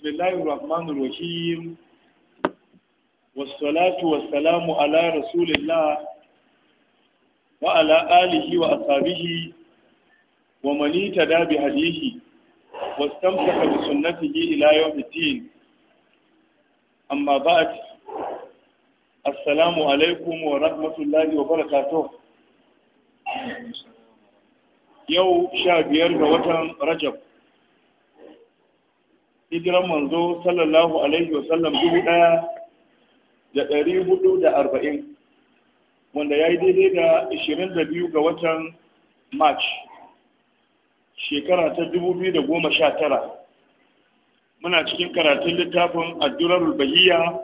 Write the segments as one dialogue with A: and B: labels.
A: بسم الله الرحمن الرحيم والصلاة والسلام على رسول الله وعلى آله وأصحابه ومن اهتدى بهديه واستمسك بسنته إلى يوم الدين أما بعد السلام عليكم ورحمة الله وبركاته يوم شاب يرجع وتم رجب hijiran manzo sallallahu alaihi wa sallam dubu ɗaya da ɗari hudu da arba'in wanda ya yi daidai da ashirin da biyu ga watan march shekara ta dubu biyu da goma sha tara muna cikin karatun littafin addurar bahiya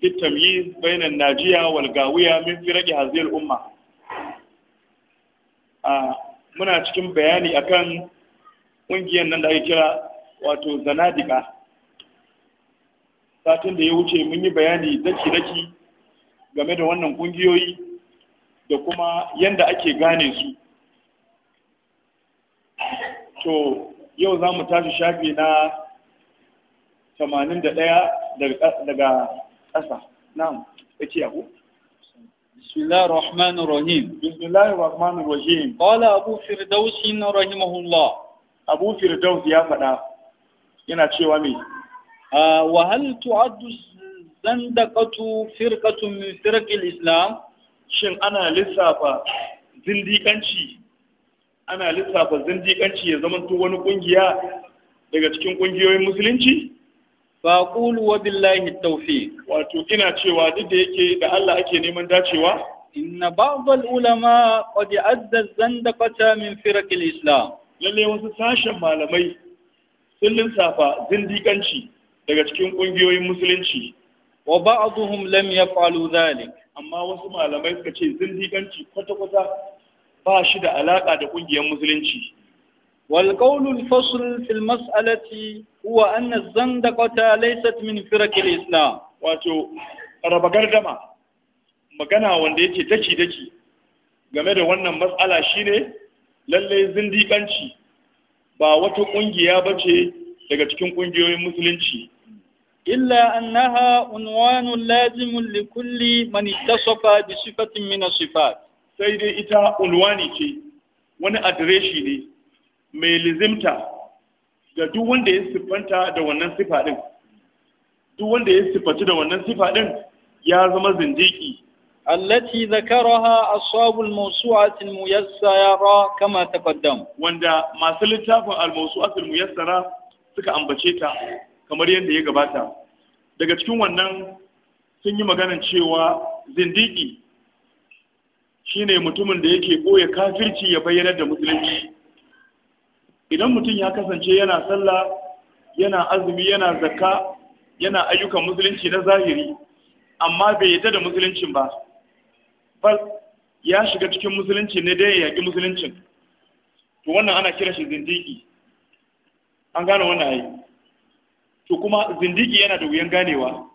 A: fitam yi bainan najiya walgawiya min firaqi hazil umma muna cikin bayani akan ƙungiyar nan da ake kira wato zanadika satin da ya wuce mun yi bayani daki-daki game da wannan kungiyoyi da kuma yadda ake gane su to yau za mu tashi shafi na 81 daga ƙasa na'am
B: ake yahu بسم الله الرحمن الرحيم بسم الله الرحمن الرحيم قال أبو فردوس رحمه الله أبو فردوس يا فدا yana cewa me ah, wa hal tu'addu zandaqatu firqatun min firq islam shin ana lissafa zindiƙanci
A: ana lissafa zindiƙanci ya zama wani ƙungiya daga cikin ƙungiyoyin musulunci? fa qulu wa billahi tawfiq Wato ina cewa duk da
B: yake da Allah ake neman dacewa? Inna al ulama qad azza zandaqata min al islam. Lalle wasu sashen malamai sun lissafa
A: zindiƙanci daga cikin ƙungiyoyin musulunci wa ba'dhum lam yaf'alu dhalik amma wasu malamai suka ce zindiƙanci kwata-kwata ba shi da
B: alaƙa da ƙungiyar musulunci wal qawlu al-fasl fi al-mas'alati huwa anna az-zandaqata min firaq al-islam wato raba
A: gardama magana wanda yake daki daki game da wannan mas'ala shine lallai zindiƙanci ba wata ƙungiya ba ce daga cikin ƙungiyoyin musulunci
B: illa annaha unwanun lazimun li kulli man ittasafa bi sifatin min sifat sai dai ita unwani ce
A: wani adireshi ne mai lizimta ga duk wanda ya siffanta da wannan sifa din duk wanda ya siffaci da wannan sifa din ya
B: zama zindiki التي ذكرها أصحاب الموسوعة الميسرة كما تقدم وندا ما سلتا الموسوعة الميسرة suka ambace
A: ta kamar yadda ya gabata daga cikin wannan sun yi maganan cewa zindiki shine mutumin da yake ɓoye kafirci ya bayyana da musulunci idan mutum ya kasance yana sallah yana azumi yana zakka yana ayyukan musulunci na zahiri amma bai yadda da musuluncin ba bal ya shiga cikin musulunci ne dai ya yaƙi musuluncin to wannan ana kira shi zindiki an gane wannan ayi to kuma zindiki yana da wuyan ganewa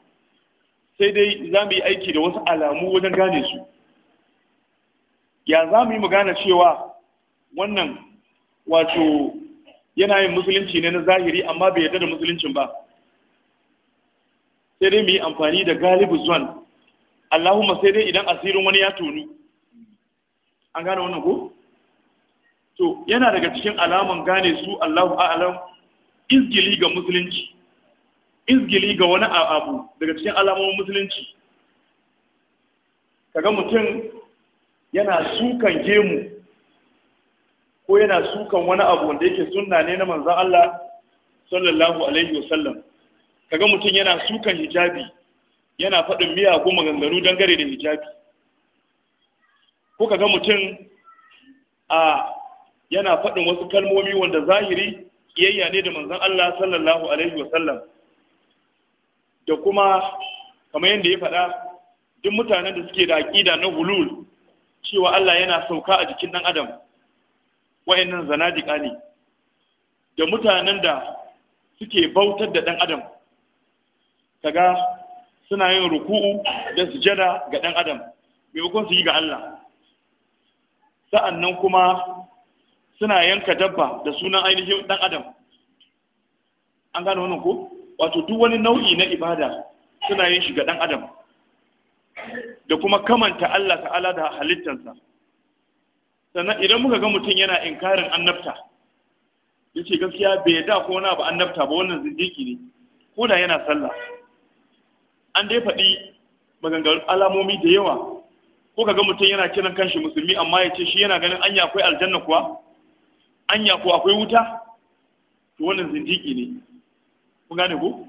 A: sai dai za mu yi aiki da wasu alamu wajen gane su ya za mu yi mu gane cewa wannan wato yana yin musulunci ne na zahiri amma bai yarda da musuluncin ba sai dai mu yi amfani da galibu zuwan. Allahumma sai dai idan asirin wani ya tonu an gane wannan ko to yana daga cikin alaman gane su Allahu a'lam izgili ga musulunci izgili ga wani abu daga cikin alamomin musulunci kaga mutum yana sukan gemu ko yana sukan wani abu wanda yake sunna ne na manzon Allah sallallahu alaihi wasallam kaga mutum yana sukan hijabi yana faɗin miya ko maganganu dangare da hijabi kuka ga mutum a yana faɗin wasu kalmomi wanda zahiri kiyayya ne da manzan Allah sallallahu alaihi wasallam da kuma kamar yadda ya faɗa duk mutanen da suke da aƙida na hulul cewa Allah yana sauka a jikin ɗan adam wa'annan zanadika ne da mutanen da suke bautar da ɗan adam kaga suna yin ruku'u da sujada ga ɗan adam maimakon su yi ga Allah sa'annan kuma suna yanka dabba da sunan ainihin ɗan adam an gane wannan ko wato duk wani nau'i na ibada suna yin shi ga ɗan adam da kuma kamanta Allah ta'ala da halittansa sannan idan muka ga mutum yana inkarin annabta yace gaskiya bai da ko wani ba annabta ba wannan zindiki ne ko da yana sallah an dai faɗi maganganun alamomi da yawa ko ga mutum yana kiran kanshi musulmi amma ya ce shi yana ganin anya akwai aljanna kuwa anya ko akwai wuta to wannan zindiki ne "Ku gane ku."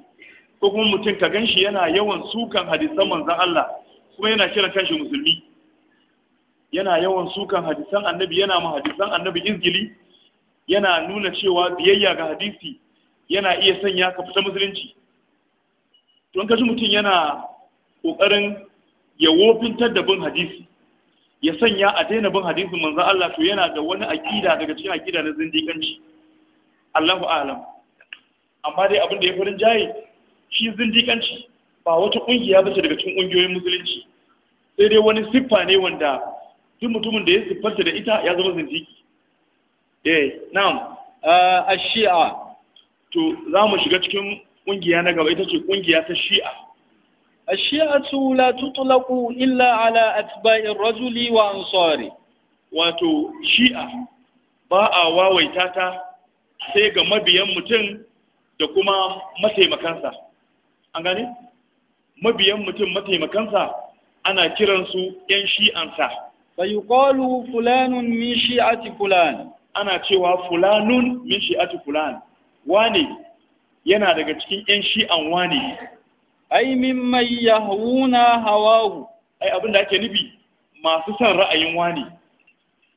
A: ko kuma mutum ka ganshi yana yawan sukan hadisan manzon Allah kuma yana kiran kanshi musulmi yana yawan sukan hadisan annabi yana ma hadisan annabi izgili yana nuna cewa biyayya ga hadisi yana iya sanya ka fita musulunci don kashi mutum yana ƙoƙarin ya wofintar da bin hadisi ya sanya a daina bin hadisin manzo Allah to yana da wani aƙida daga cikin akida na zindiƙanci Allahu a'lam amma dai abin da ya farin jaye shi zindiƙanci ba wata ƙungiya ce daga cikin ƙungiyoyin musulunci sai dai wani siffa ne wanda duk mutumin da ya siffarta da ita ya zama zindiki eh na'am a ah, shi'a to za mu shiga cikin kungiya na gaba ita ce ƙungiya ta shi'a la tutlaqu illa ala atba'i rajuli wa Ansari. wato shi'a ba a wawaita ta sai ga mabiyan mutum da kuma mataimakansa an gane mabiyan mutum mataimakansa ana kiransu 'yan shi'ansa fa yuqalu fulanun min shi'ati fulan ana cewa fulanun min shi'ati fulan wane yana daga cikin ƴan shi'an wane. ai min mai yahuna hawahu ai abin da ake nufi masu son ra'ayin wane.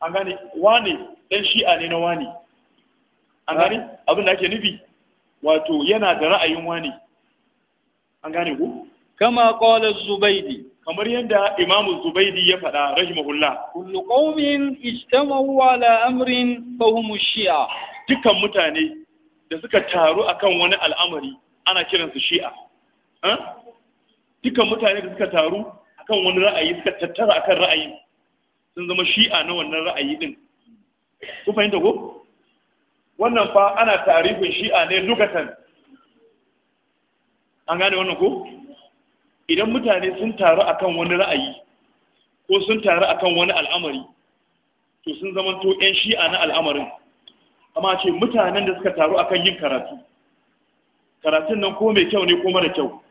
A: an gane wane ɗan shi'a ne na wane. an gane abin da ake nufi wato yana da ra'ayin wane. an gane ku kama kawalar Zubaidi. kamar yadda imamu zubaidi ya faɗa rahimahullah kullu qaumin ijtama'u ala amrin fa shi'a dukkan mutane da suka taru akan wani al'amari ana kiransu shi'a Dukkan mutane da suka taru akan wani ra'ayi suka tattara akan ra'ayi sun zama shi'a na wannan ra'ayi din ku fahimta ko wannan fa ana tarihin shi'a ne lugatan an gane wannan ko idan mutane sun taru akan wani ra'ayi ko sun taru akan wani al'amari to sun zama to 'yan shi'a na al'amarin amma ce mutanen da suka taru akan yin karatu karatun nan ko mai kyau ne ko mara kyau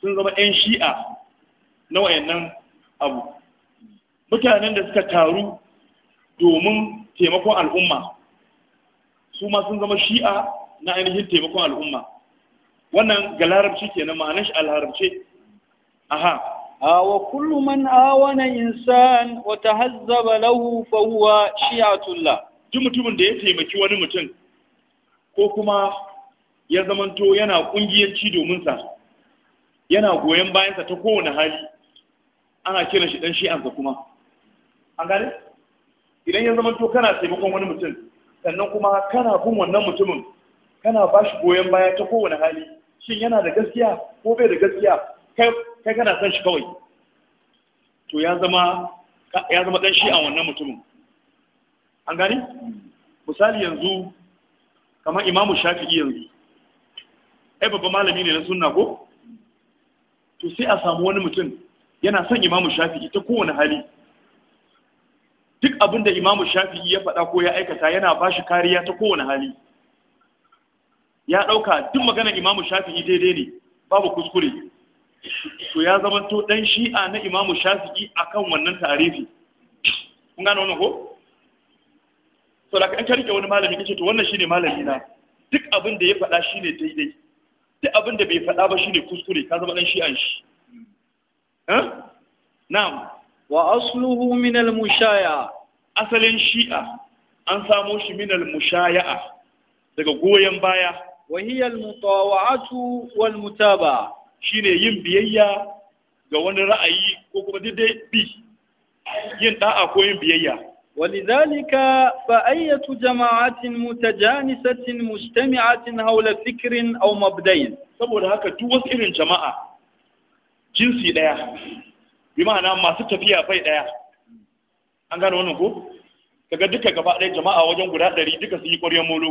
A: sun zama 'yan shi'a na wayannan abu mutanen da suka taru domin taimakon al'umma su ma sun zama shi'a na ainihin taimakon al'umma wannan ga larabci kenan ma'anar shi alharabce aha wa
B: kullum man awana insan wa tahazzaba lahu fa huwa shi'atullah duk mutumin da ya taimaki wani mutum ko kuma ya zamanto
A: yana kungiyanci domin sa yana goyon bayansa ta kowane hali ana kiran shi dan shi'ansa kuma an gane idan ya zamanto kana taimakon wani mutum sannan kuma kana bin wannan mutumin kana ba shi goyon baya ta kowane hali shin yana da gaskiya ko bai da gaskiya kai kana son shi kawai to ya zama ya zama dan shi'an wannan mutumin an gani misali yanzu kamar imamu shafi'i yanzu ai babban malami ne na sunna ko to sai a samu wani mutum yana son imamu shafi'i ta kowane hali duk abin da imamu shafi'i ya faɗa ko ya aikata yana ba shi kariya ta kowane hali ya ɗauka duk maganar imamu shafi'i daidai ne babu kuskure to ya to ɗan shi'a na imamu shafi'i akan wannan tarifi kun gane wannan ko saboda an ka wani malami kace to wannan shine malami na duk abin da ya faɗa shine daidai duk abin da bai faɗa ba shine kuskure ka zama dan an shi na'am wa asluhu
B: min al mushaya
A: asalin shi'a an samo shi min al mushaya'a daga goyen baya wa hiya al mutawa'atu wal mutaba shine yin biyayya ga wani ra'ayi
B: ko kuma daidai bi yin da'a ko yin biyayya ولذلك فأية جماعة متجانسة مجتمعة حول فكر أو مبدئ saboda haka duk wasu irin jama'a jinsi ɗaya
A: bi ma'ana masu tafiya bai ɗaya an gano wannan ko kaga duka gaba ɗaya jama'a wajen guda ɗari duka su yi ƙwaryen molo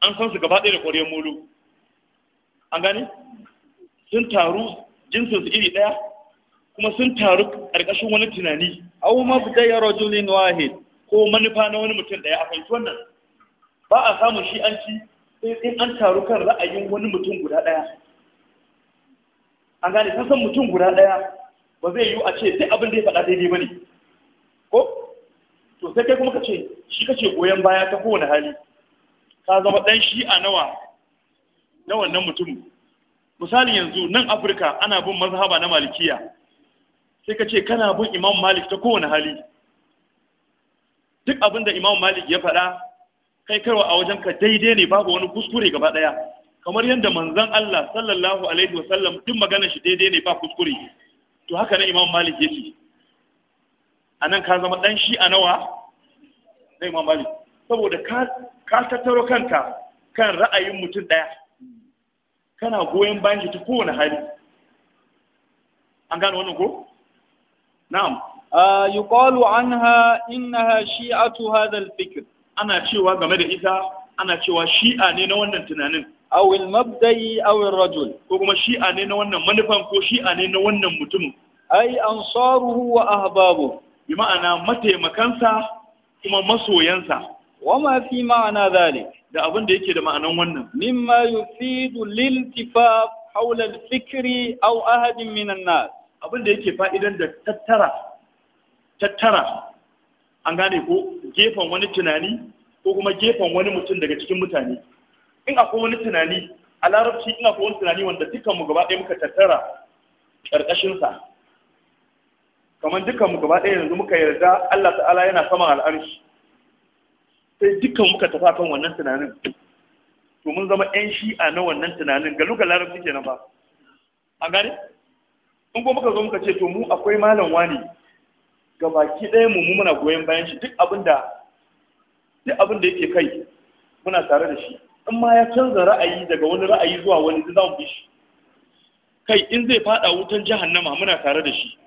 A: an san su gaba ɗaya da ƙwaryen molo an gane sun taru jinsin su iri ɗaya kuma sun taru ƙarƙashin wani tunani aw mabda'ir rajulin wahid ko manufa na wani mutum daya a fahimci wannan ba a samun shi an ci sai in an taru kan ra'ayin wani mutum guda daya an gane san san mutum guda daya ba zai yiwu a ce sai abin da ya faɗa daidai ba ne ko to sai kai kuma ka ce shi ka ce goyon baya ta kowane hali ka zama ɗan shi a nawa na wannan mutum misali yanzu nan afirka ana bin mazhaba na malikiya sai ka ce kana bin imam malik ta kowane hali duk abinda imam malik ya faɗa kai karwa a wajen ka daidai ne babu wani kuskure gaba ɗaya kamar yadda manzon Allah sallallahu alaihi wasallam duk maganar shi daidai ne ba kuskure to haka nan imam malik yake nan ka zama ɗan shi a nawa na imam malik saboda ka tattaro kanka kan ra'ayin mutum ɗaya kana goyon bayan shi ta kowane hali an gane wannan ko na'am yi uh, an yuqalu anha innaha shi'atu hadha al fikir. ana cewa game da ita ana cewa shi'a ne na wannan tunanin Awil al-mabda'i aw ar-rajul ko kuma shi'a ne na wannan manufan ko shi'a ne na wannan mutumin ai an ansaruhu wa ahbabu bi ma'ana mataimakansa kuma
B: masoyansa Wa wama fi ma'ana zalik da abin da yake da ma'anan wannan mimma yufidu liltifaf hawla al-fikri au ahadin min an-nas abin da
A: yake fa'idan da tattara tattara an gane ko gefen wani tunani ko kuma gefen wani mutum daga cikin mutane in akwai wani tunani a larabci in akwai wani tunani wanda dukkanmu gaba ɗaya muka tattara ƙarƙashinsa kamar dukkanmu gaba ɗaya yanzu muka yarda Allah ta'ala yana saman al'arshi sai dukkan muka tafi kan wannan tunanin to mun zama 'yan shi'a na wannan tunanin ga larabci kenan ba an gane in ko muka zo muka ce to mu akwai malam wani ga baki ɗaya mu muna goyon bayan shi duk abin da duk abin da yake kai muna tare da shi in ma ya canza ra'ayi daga wani ra'ayi zuwa wani duk za mu bi shi kai in zai faɗa wutan jahannama muna tare da shi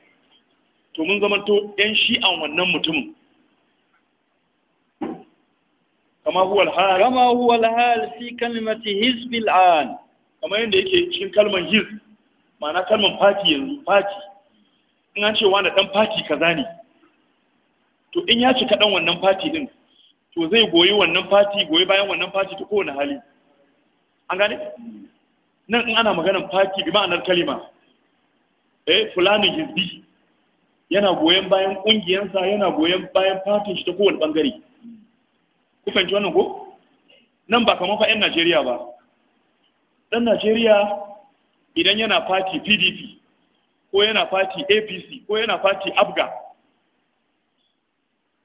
A: to mun zama to shi shi'an wannan mutumin kama huwa al-hal kama huwa al-hal fi kalimati hizbil an kama yanda yake cikin kalmar hizb ma'ana kalmar fati yanzu fati in an ce wani dan fati kaza ne to in ya cika dan wannan fati din to zai goyi wannan fati goyi bayan wannan fati ta kowane hali an gane nan in ana maganar fati bi ma'anar kalima eh fulani hizbi yana goyon bayan kungiyansa yana goyon bayan fatin shi ta kowane bangare ku fahimci wannan ko nan ba kamar fa yan Najeriya ba dan Najeriya idan yana fati pdp ko yana fati apc ko yana fati abga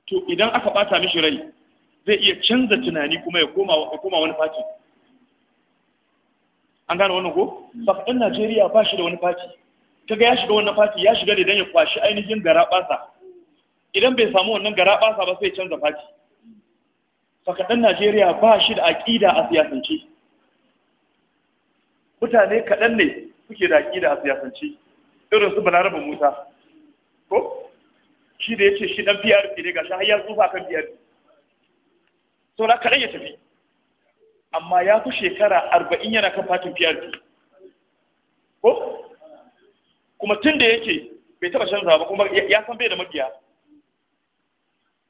A: to idan aka bata mishi rai zai iya canza tunani kuma ya koma wani fati an gane wannan ko ba hmm. najeriya ba shi da wani fati kaga ya shiga wannan fati ya shiga da idan ya kwashi ainihin garaɓasa idan bai samu wannan garaɓasa ba sai canza fati saka najeriya ba shi da aƙida a siyasance mutane kaɗan ne suke da aƙida a siyasance irin su balaraba musa ko shi da ya ce shi ɗan prp ne ga shi har ya tsufa kan prp saura kaɗan ya tafi amma ya fi shekara arba'in yana kan fatin prp ko kuma tun da yake bai taɓa canza ba kuma ya san bai da mabiya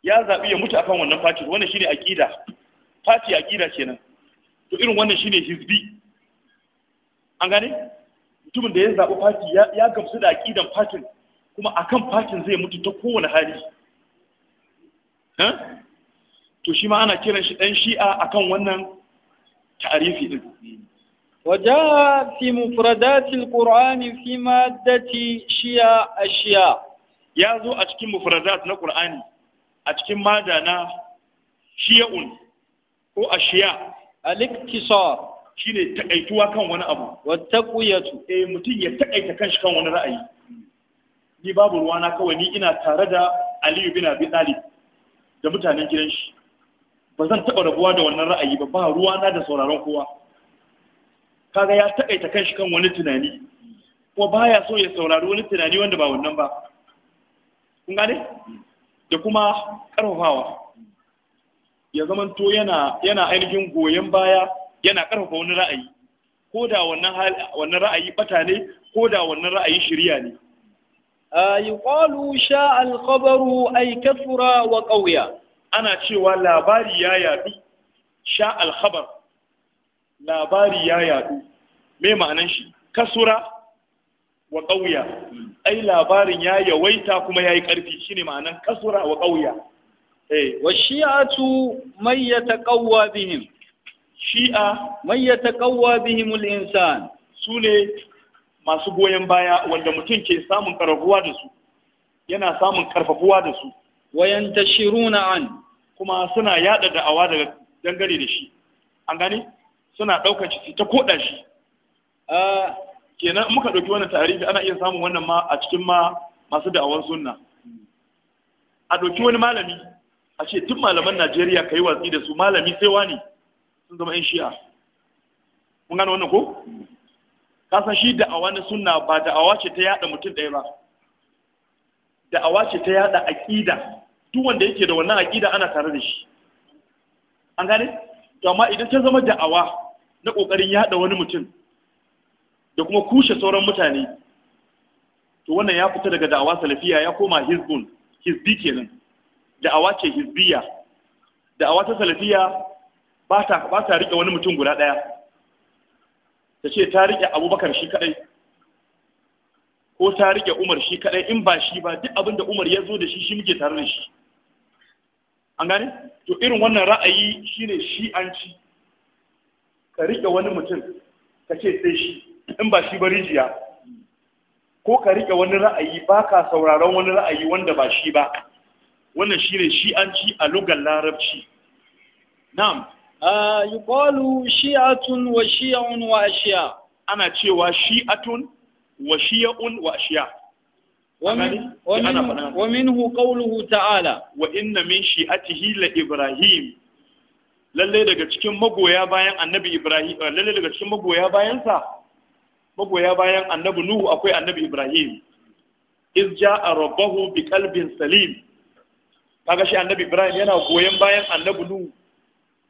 A: ya zaɓi ya mutu akan wannan fatin wannan shine aƙida fati aƙida kenan to irin wannan shine hizbi an da ya zaɓi fati ya gamsu da aƙidan fatin kuma a kan fatin zai mutu ta kowane hali
B: to shi ma ana kiran shi ɗan shi'a a kan wannan ta'arifi ɗin wajen fi mufradatil ƙur'ani fi maddati shi'a a shi'a ya zo a cikin mufradat na Kur'ani a cikin mada na
A: shi'a'un ko a shi'a al-iktisar shine takaituwa kan wani abu wattaqiyatu eh mutum ya takaita kanshi kan wani ra'ayi ni babu ruwana kawai ni ina tare da Aliyu bin Abi Talib da mutanen gidan shi ba zan taba rabuwa da wannan ra'ayi ba ba ruwana da sauraron kowa kaga ya takaita kanshi kan wani tunani kuma baya so ya saurari wani tunani wanda ba wannan ba kun gane da kuma karfafawa ya zamanto yana yana ainihin goyon baya yana ƙarfafa wani ra'ayi ko da wannan ra'ayi bata ne ko da wannan ra'ayi shirya ne
B: yuqalu sha al-khabaru ay kathura wa qawya ana cewa labari ya yadu sha al-khabar
A: labari ya yadu me ma'anan shi kasura wa qawya ai labarin ya yawaita kuma yayi karfi shine ma'anan kasura wa qawya eh wa shi'atu may yataqawwa bihim shi'a man ya taqawwa bihimul insan su ne masu goyon baya wanda mutum ke samun ƙarfafuwa da su yana samun karfafuwa da su
B: wayan tashiruna an kuma
A: suna yada da'awa daga dangare da shi an gane suna daukar ciki ta koda shi kenan muka dauki wannan tarihi ana iya samun wannan ma a cikin ma masu da'awar sunna a dauki wani malami a ce duk malaman Najeriya kai watsi da su malami sai wani sun zama in shi'a mun gano wannan ko kasan shi da'awa na suna ba da'awa ce ta yada mutum ɗaya ba da'awa ce ta yada aƙida duk wanda yake da wannan aƙida ana tare da shi an gane to amma idan ta zama da'awa na ƙoƙarin yada wani mutum da kuma kushe sauran mutane to wannan ya fita daga da'awa salafiya ya koma hizbun hizbi kenan da'awa ce hizbiya da'awa ta salafiya ba ta riƙe wani mutum guda ɗaya. ta ce ta riƙe abubakar shi kaɗai, ko ta riƙe umar shi kaɗai. in ba shi ba duk abin da umar ya zo da shi shi muke tare da shi an gane to irin wannan ra'ayi shi an shi'anci ka riƙe wani mutum ka ce sai shi in ba shi ba rijiya ko ka riƙe wani ra'ayi ba ka sauraron wani ra'ayi wanda ba shi ba wannan shi an shi'anci a lugar larabci
B: na'am yuqalu shi'atun wa shi'un wa ashiya ana cewa shi'atun wa shi'un wa ashiya
A: wa minhu qawluhu ta'ala wa inna min shi'atihi la ibrahim lalle daga cikin magoya bayan annabi ibrahim lalle daga cikin magoya sa magoya bayan annabi nuhu akwai annabi ibrahim iz ja'a rabbahu bi qalbin salim kaga shi annabi ibrahim yana goyen bayan annabi nuhu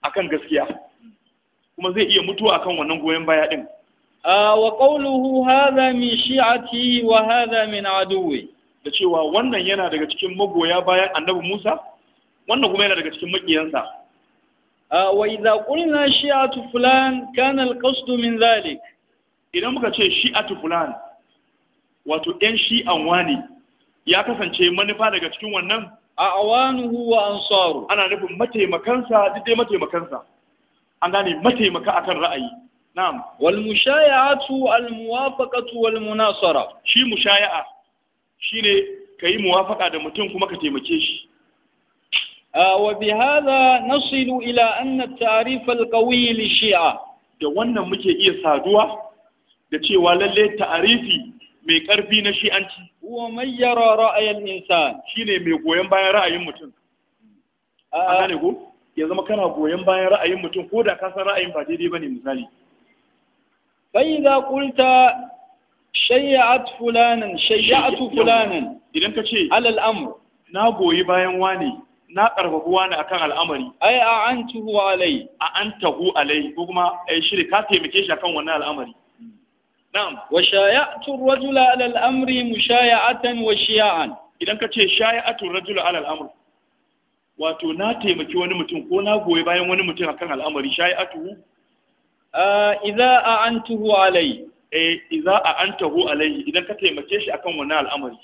A: akan gaskiya kuma zai iya mutuwa akan wannan goyon baya
B: din wa qawluhu hadha min shi'ati wa hadha min aduwwi da cewa wannan yana daga cikin magoya bayan annabi Musa wannan kuma yana daga cikin
A: makiyansa wa idza qulna shi'atu fulan kana al-qasd min zalik idan muka ce shi'atu fulan wato ɗan shi'an wani ya kasance manufa daga cikin wannan a'wanuhu wa ansaru ana nufin mataimakansa duk dai mataimakansa an gane mataimaka akan ra'ayi na'am wal mushaya'atu al muwafaqatu wal munasara shi mushaya'a
B: shine kai muwafaqa da mutum kuma ka taimake shi wa bi hadha nasilu ila anna tarif al-qawi li shi'a da wannan muke iya
A: saduwa da cewa lalle ta'arifi mai ƙarfi na shi'anci. Wa mai
B: ra'ayin
A: insan. Shi ne mai goyon bayan ra'ayin mutum. A gane ko? Ya zama kana goyon bayan ra'ayin mutum ko da ka san ra'ayin ba daidai ba ne misali.
B: Bai za kulta shayya'at fulanan shayya'atu fulanan.
A: Idan ka ce. Alal amur. Na goyi bayan wane. Na ƙarfafi a akan al'amari. Ai a an tuhu alai. A an tahu alai ko kuma ai shi ka taimake shi akan wannan
B: al'amari. na'am wa shaya'tu rajula al'amri mu amri mushaya'atan wa shiya'an idan ka ce shaya'tu rajula ala al-amr
A: wato na taimaki wani mutum ko na goyi bayan wani mutum akan al'amari shaya'tu an a'antuhu alai eh an a'antahu alai idan ka taimake shi akan wani al'amari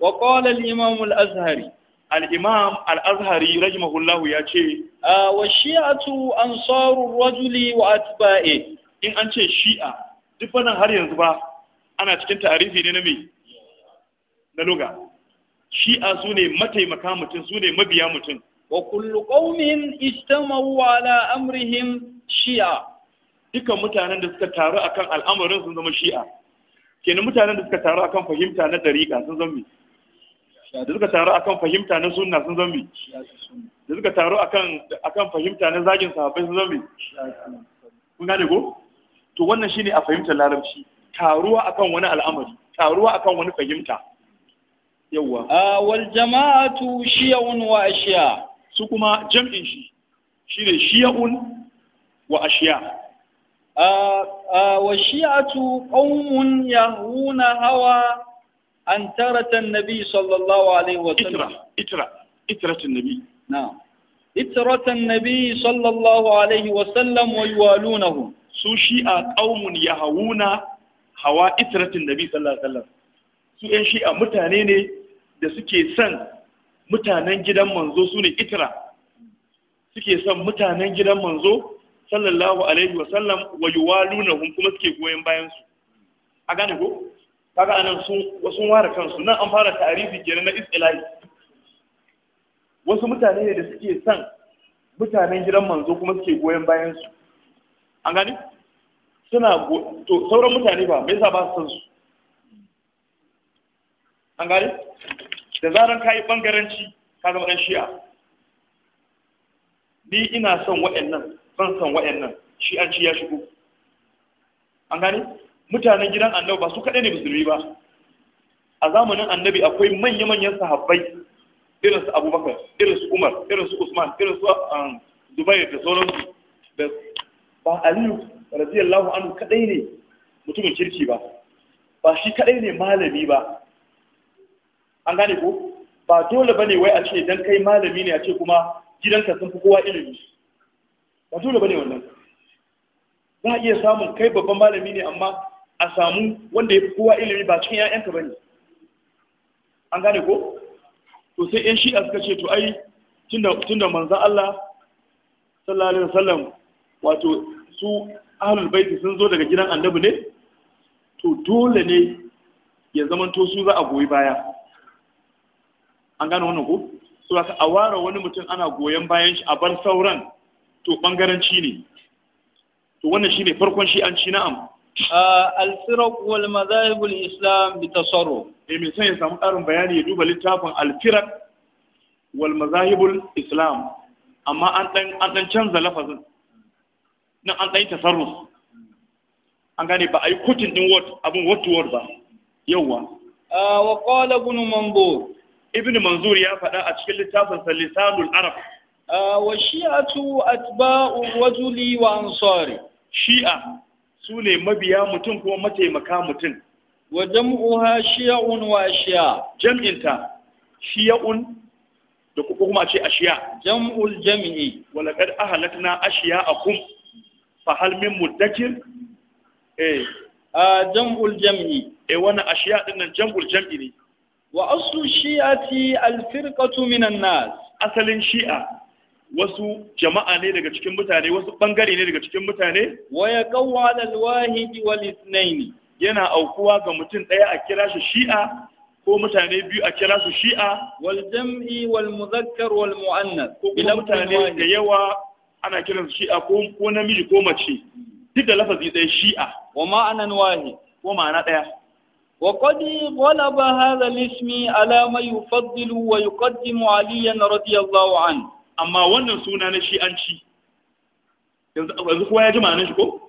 A: wa qala al-imam al-azhari al-imam al-azhari rahimahullahu ya ce wa shi'atu ansarur rajuli wa atba'i in an ce shi'a duk wannan har yanzu ba ana cikin tarihi ne na me na luga shi'a su ne mataimaka mutum su ne mabiya mutum wa kullu
B: qaumin istamau ala amrihim
A: shi'a dukan mutanen da suka taru akan al'amarin sun zama shi'a kenan mutanen da suka taru akan fahimta na dariqa sun zama da suka taru akan fahimta na sunna sun zama da suka taru akan akan fahimta na zagin sahabbai sun zama kun gane ko to wannan shine a fahimtar larabci taruwa akan wani al'amari taruwa akan wani fahimta
B: yawa a wal jama'atu shiya'un wa ashiya su kuma jam'in shi shine shiya'un wa ashiya wa shiyatu qaumun yahuna hawa an taratan nabi sallallahu alaihi wa sallam
A: itra itra itra nabi
B: na'am itra nabi sallallahu alaihi wa sallam wa yuwalunahu su shi'a
A: qaumun yahawuna hawa itiratin nabi sallallahu alaihi wasallam su yan shi'a mutane ne da suke son mutanen gidan manzo su ne itira suke son mutanen gidan manzo sallallahu alaihi wasallam wa hun kuma suke goyen bayan su a gane ko kaga anan sun wasu ware kansu nan an fara tarihi kenan na istilahi wasu mutane ne da suke son mutanen gidan manzo kuma suke goyen bayan su an gani suna to sauran mutane ba mai sa ba su san su an gani da zaran ka yi bangaranci ka zama ɗan shi'a ni ina son wa'annan son san wa'annan shi an ci ya shigo an gani mutanen gidan annabi ba su kaɗai ne musulmi ba a zamanin annabi akwai manya-manyan sahabbai irin su abubakar irin su umar irin su usman irin su um, zubair da sauransu da ba aliyu radiyallahu anhu kadai ne mutumin kirki ba ba shi kadai ne malami ba an gane ko ba dole bane wai a ce dan kai malami ne a ce kuma gidanka sun fi kowa ilimi ba dole bane wannan za a iya samun kai babban malami ne amma a samu wanda ya fi kowa ilimi ba cikin 'ya'yanka ba ne an gane ko to sai ƴan shi'a suka ce to ai tunda manzan Allah sallallahu alaihi wasallam wato su ahlul baiti sun zo daga gidan annabi ne to dole ne ya to su za a goyi baya an gano wannan ko so aka a ware wani mutum ana goyon bayan shi a bar sauran to bangaranci ne to wannan shine farkon shi an ci na'am al-firq wal madhahib al-islam bi tasarruf eh me sai ya samu karin bayani ya duba littafin al-firq wal madhahib al-islam amma an dan an dan canza lafazin na an ɗan tasarruf an gane ba a yi kotun ɗin abin wattuwar ba yawwa
B: ah, wa ƙwala
A: gunu manzur ibn manzur ya faɗa a cikin littafin salisanul arab
B: ah, wa shi'atu atba'u rajuli wa ansari shi'a su ne mabiya mutum ko mataimaka mutum wa jam'uha shi'un wa shi'a
A: jam'inta shi'un da kuma a ce ashiya jam'ul jam'i wa laqad ahlatna a akum fa hal min muddakir eh jam'ul jam'i eh wani ashiya din nan jam'ul jam'i ne wa aslu shi'ati al firqatu minan nas asalin shi'a wasu jama'a ne daga cikin mutane wasu bangare ne daga cikin mutane wa yaqawwa al wahidi wal ithnaini yana aukuwa ga mutum ɗaya a kira shi shi'a ko mutane biyu a kira su shi'a wal jam'i wal muzakkar wal mu'annas ko mutane da yawa ana kiransu shi'a ko namiji ko mace duk da lafazi ɗaya shi'a
B: wa ma'anan wahi ko ma'ana ɗaya wa qad ghalaba hadha al-ismi ala ma yufaddilu wa yuqaddimu aliyan radiyallahu an amma wannan suna na shi'anci
A: yanzu kowa ya ji ma'anar shi ko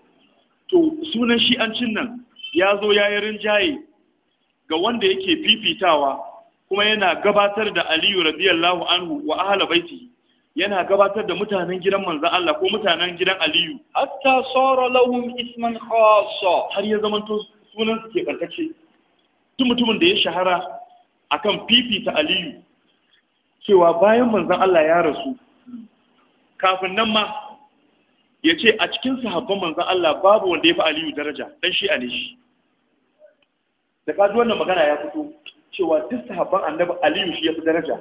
A: to sunan shi'ancin nan ya zo ya yi rinjaye ga wanda yake fifitawa kuma yana gabatar da aliyu radiyallahu anhu wa ahla baiti yana gabatar da mutanen gidan manzan Allah ko mutanen gidan Aliyu
B: hatta sara lahum isman khassa
A: har ya zamanto sunan su ke karkace duk mutumin da ya shahara akan fifita Aliyu cewa bayan manzan Allah ya rasu kafin nan ma ya ce a cikin sahabban manzan Allah babu wanda ya fi Aliyu daraja dan shi a shi da kaji wannan magana ya fito cewa duk sahabban annabi Aliyu shi ya fi daraja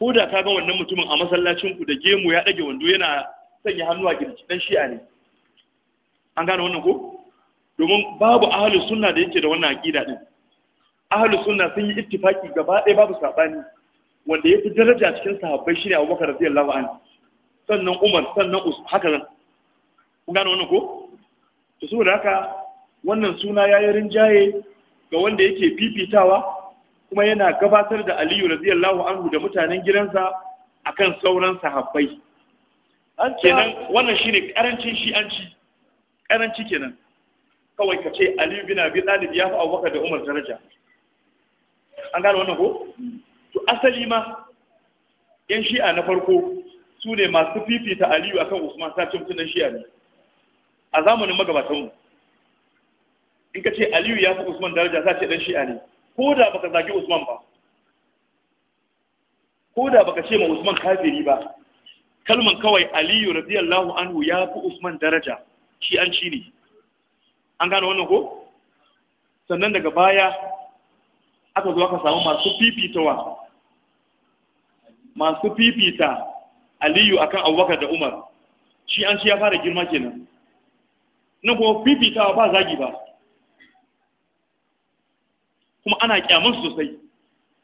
A: ko da ka ga wannan mutumin a masallacin ku da gemu ya dage wando yana sanya hannu a girki dan shi'a ne an gane wannan ko domin babu ahli sunna da yake da wannan aqida din ahli sunna sun yi ittifaki gaba ɗaya babu sabani wanda ya fi daraja cikin sahabbai shine Abubakar radiyallahu anhu sannan Umar sannan Usman, haka nan kun gane wannan ko to saboda haka wannan suna yayin rinjaye ga wanda yake fifitawa kuma yana gabatar da aliyu radiyallahu anhu da mutanen gidansa akan sauran sahabbai
B: kenan wannan
A: shine karancin shi'anci karanci kenan kawai ka ce aliyu bin abi talib ya fi abubakar da umar daraja an gane wannan ko to asali ma yan shi'a na farko su ne masu fifita aliyu akan usman cin tunan shi'a ne a zamanin magabatanmu in ka ce aliyu ya fi usman daraja ce dan shi'a ne ko da baka zagi Usman ba ko da baka ce ma Usman kafiri ba kalman kawai Aliyu radiyallahu anhu ya fi Usman daraja shi an ci ne an gane wannan ko sannan daga baya aka zo aka samu masu fifitawa masu fifita Aliyu akan Abubakar da Umar shi an ci ya fara girma kenan nan ko fifitawa ba zagi ba kuma ana kyaman sosai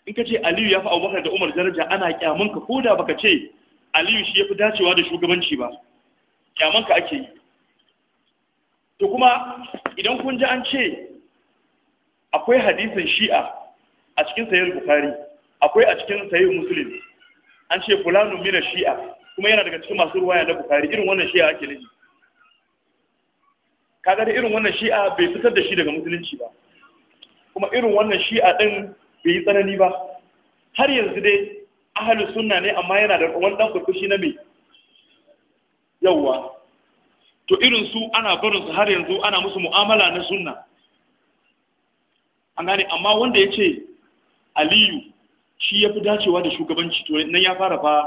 A: in ka ce aliyu ya fi abubakar da umar daraja ana kyaman ka ko da baka ce aliyu shi ya fi dacewa da shugabanci ba kyaman ka ake yi to kuma idan kun ji an ce akwai hadisin shi'a a cikin sayar bukari akwai a cikin sayar musulun an ce fulanu mina shi'a kuma yana daga cikin masu ruwaya na bukari irin wannan shi'a ake nufi kaga da irin wannan shi'a bai fitar da shi daga musulunci ba kuma irin wannan shi'a din bai yi tsanani ba har yanzu dai ahalu sunna ne amma yana da wani dan kurkushi na mai yawwa to irin su ana barin su har yanzu ana musu mu'amala na sunna an gane amma wanda ya ce aliyu shi ya fi dacewa da shugabanci to nan ya fara fa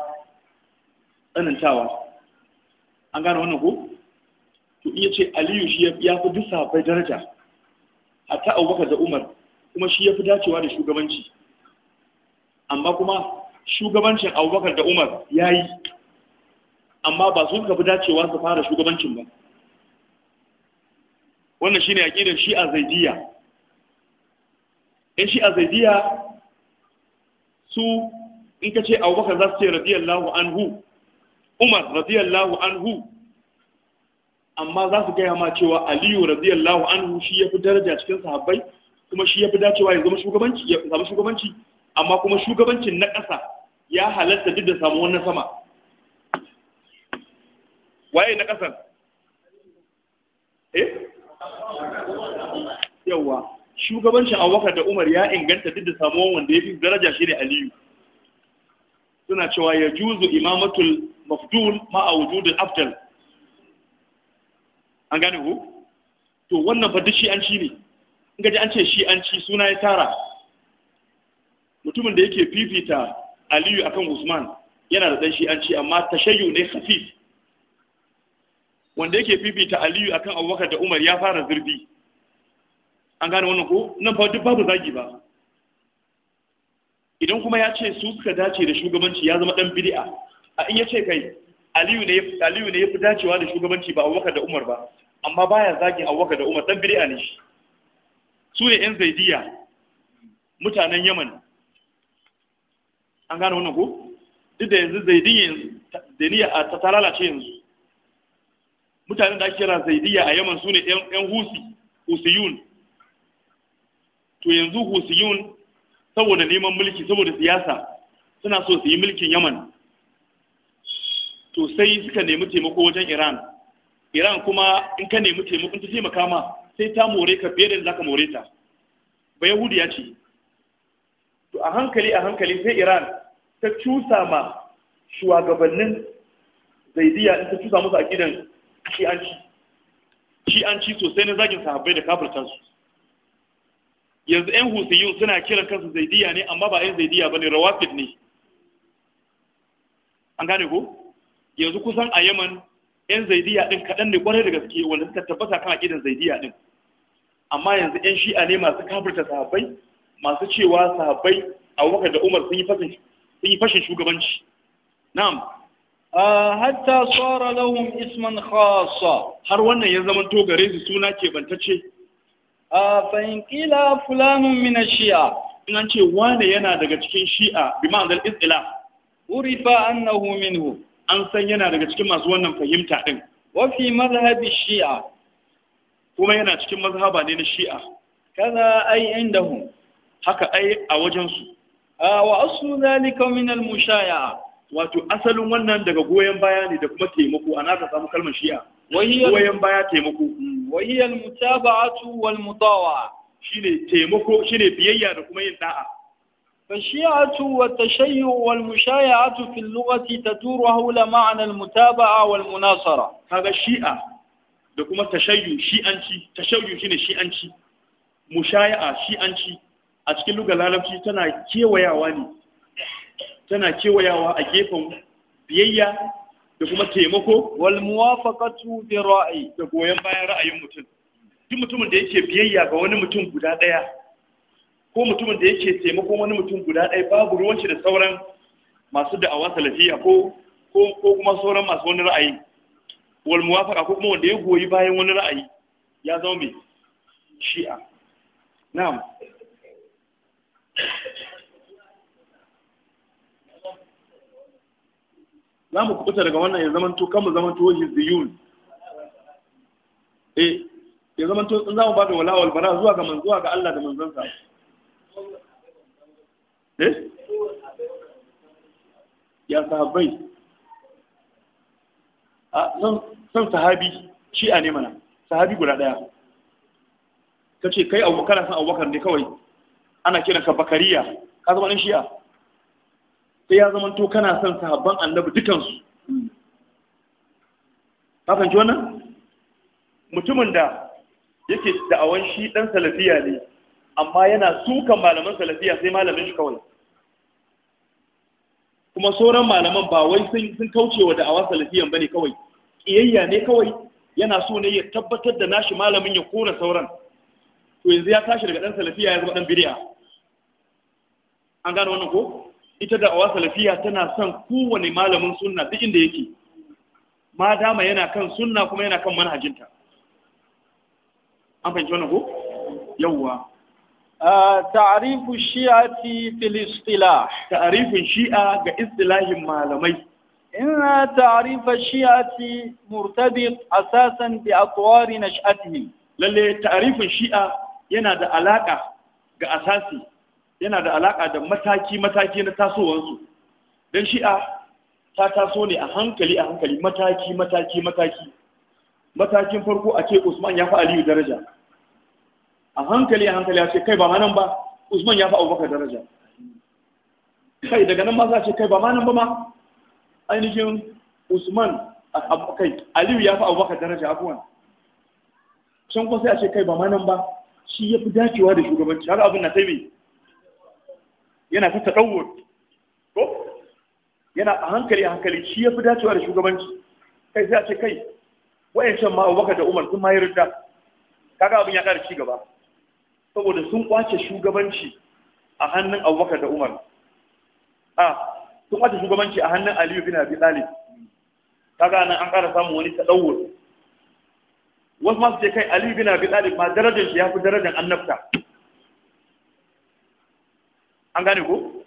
A: tsanantawa an gane wannan ko to iya ce aliyu shi ya fi bisa bai daraja hatta abubakar da umar kuma shi ya fi dacewa da shugabanci amma kuma shugabancin abubakar da umar ya yi amma ba su ka fi dacewa su fara shugabancin ba wannan shi ne shine shi shi'a zaidiya in shi'a zaidiya su in ka ce abubakar za su ce radiyallahu anhu umar radiyallahu anhu amma za su gaya ma cewa aliyu radiyallahu anhu shi ya fi daraja cikin sahabbai kuma shi ya fi dacewa ya zama shugabanci ya samu shugabanci amma kuma shugabancin na ƙasa ya halatta duk da samu wannan sama waye na ƙasar eh yawa shugabancin abubakar da umar ya inganta duk da samu wanda ya fi daraja shi ne aliyu suna cewa ya juzu imamatul mafdul ma'a wujudul afdal an gane ku to wannan fa shi an shi ne in an ce shi an ci suna ya tara mutumin da yake fifita aliyu akan usman yana da ɗan shi an ci amma tashayyu ne khafif wanda yake fifita aliyu akan abubakar da umar ya fara zurbi an gane wannan ko nan fa duk babu zagi ba idan kuma ya ce su suka dace da shugabanci ya zama dan bid'a a in ya ce kai aliyu ne aliyu ne ya fi dacewa da shugabanci ba abubakar da umar ba amma baya zagin abubakar da umar dan bid'a ne shi su ne yan zaidiya mutanen yaman an gane wannan ko duk da yanzu zaidiya a ta ce yanzu mutanen da ake kira zaidiya a yaman su ne yan husi husiyun to yanzu husiyun saboda neman mulki saboda siyasa suna so su yi mulkin yaman to sai suka nemi taimako wajen iran iran kuma in ka nemi taimako in ta taimaka ma sai ta more ka fiye da za ka more ta ba yahudu ya ce to a hankali a hankali sai iran ta cusa ma shugabannin zaidiya ta cusa musu a gidan shi'anci shi'anci sosai na zagin sahabbai da kafirtan su yanzu yan husiyun suna kiran kansu zaidiya ne amma ba yan zaidiya ne, rawafid ne an gane ko yanzu kusan a yaman yan zaidiya din kaɗan ne kwarai da gaske wanda suka tabbata kan akidan zaidiya din amma yanzu yan shi'a ne masu kafirta sahabbai masu cewa sahabbai abubakar da umar sun yi fashin shugabanci
B: na'am hatta tsara lahum isman khasa har wannan ya zama to gare su suna kebantace A fahim kila fulanun mina shia in an ce wane yana daga cikin shi'a bi ma'anar istilaf urifa annahu minhu
A: an san yana daga cikin masu wannan fahimta din Wafi fi shi'a kuma yana cikin mazhaba ne na shi'a kaza ai indahum haka ai a wajen su wa aslu zalika min al mushaya'a wato asalin wannan daga goyen baya ne da kuma taimako ana ka samu kalmar shi'a goyen baya taimako hmm, wa hiya al mutaba'atu wal mudawa shine taimako shine biyayya da kuma yin da'a
B: فالشيعة والتشيع والمشايعة في اللغة تدور حول معنى المتابعة والمناصرة
A: Kaga Shi'a. da kuma tashayyu shi'anci tashayyu shine shi'anci mushaya'a shi'anci a cikin lugar larabci tana kewayawa ne tana kewayawa a gefen biyayya da kuma taimako wal muwafaqatu bi ra'ayi da goyen bayan ra'ayin mutum duk mutumin da yake biyayya ga wani mutum guda daya ko mutumin da yake taimakon wani mutum guda daya babu ruwanci da sauran masu da'awa lafiya, ko ko kuma sauran masu wani ra'ayi wal muwafaqa ko kuma wanda ya goyi bayan wani ra'ayi ya zama mai shi'a na'am za mu kubuta daga wannan ya zamanto kan mu zamanto hizbiyun eh ya zamanto in za mu ba da wala wal bara zuwa ga zuwa ga Allah da manzansa eh ya sahabbai a ah, zan son sahabi shi'a ne mana sahabi guda ɗaya ka ce kai abu kana son abubakar ne kawai ana kiran ka bakariya ka zama ɗan shi'a sai ya zama to kana son sahabban annabi dukansu ka fahimci wannan mutumin da yake da'awan shi ɗan salafiya ne amma yana sukan malaman salafiya sai malamin shi kawai kuma sauran malaman ba wai sun kauce wa da'awa salafiyan bane kawai kiyayya ne kawai yana so ne ya tabbatar da nashi malamin ya kora sauran to yanzu ya tashi daga dan salafiya ya zama dan bid'a an gano wannan ko ita da awa salafiya tana son kowane malamin sunna duk inda yake ma dama yana kan sunna kuma yana kan manhajinta an fahimci wannan ko yawwa ta'rifu Shi'a
B: fil istilah ta'rifin shi'a ga istilahin malamai إن تعريف الشيعة مرتبط أساسا بأطوار نشأتهم
A: للي تعريف الشيعة ينادى علاقة أساسي ينادى علاقة متاكي متاكي نتاسو وانسو لأن شيعة ta taso ne a hankali a hankali mataki mataki matakin farko a ce usman ya fi aliyu daraja a hankali a hankali a ce kai ba ma nan ba usman ya fi abubakar daraja kai daga nan ma za a ce kai ba ma nan ba ma ainihin usman kai aliyu ya fi abubakar daraja abuwan can kuma sai a ce kai ba manan ba shi ya fi dacewa da shugabanci har abin na taimi yana ta ɗauwa. ko yana a hankali a hankali shi ya fi dacewa da shugabanci kai sai a ce kai shan ma abubakar da umar sun mayar da. kaga abin ya ƙara cigaba. saboda sun kwace shugabanci a hannun abubakar da umar a ah, sun wata shugabanci a hannun aliyu bin abi talib ta nan an ƙara samun wani tadawur wasu masu ce kai aliyu bin abi talib ma darajar shi ya fi darajar annabta an gane ko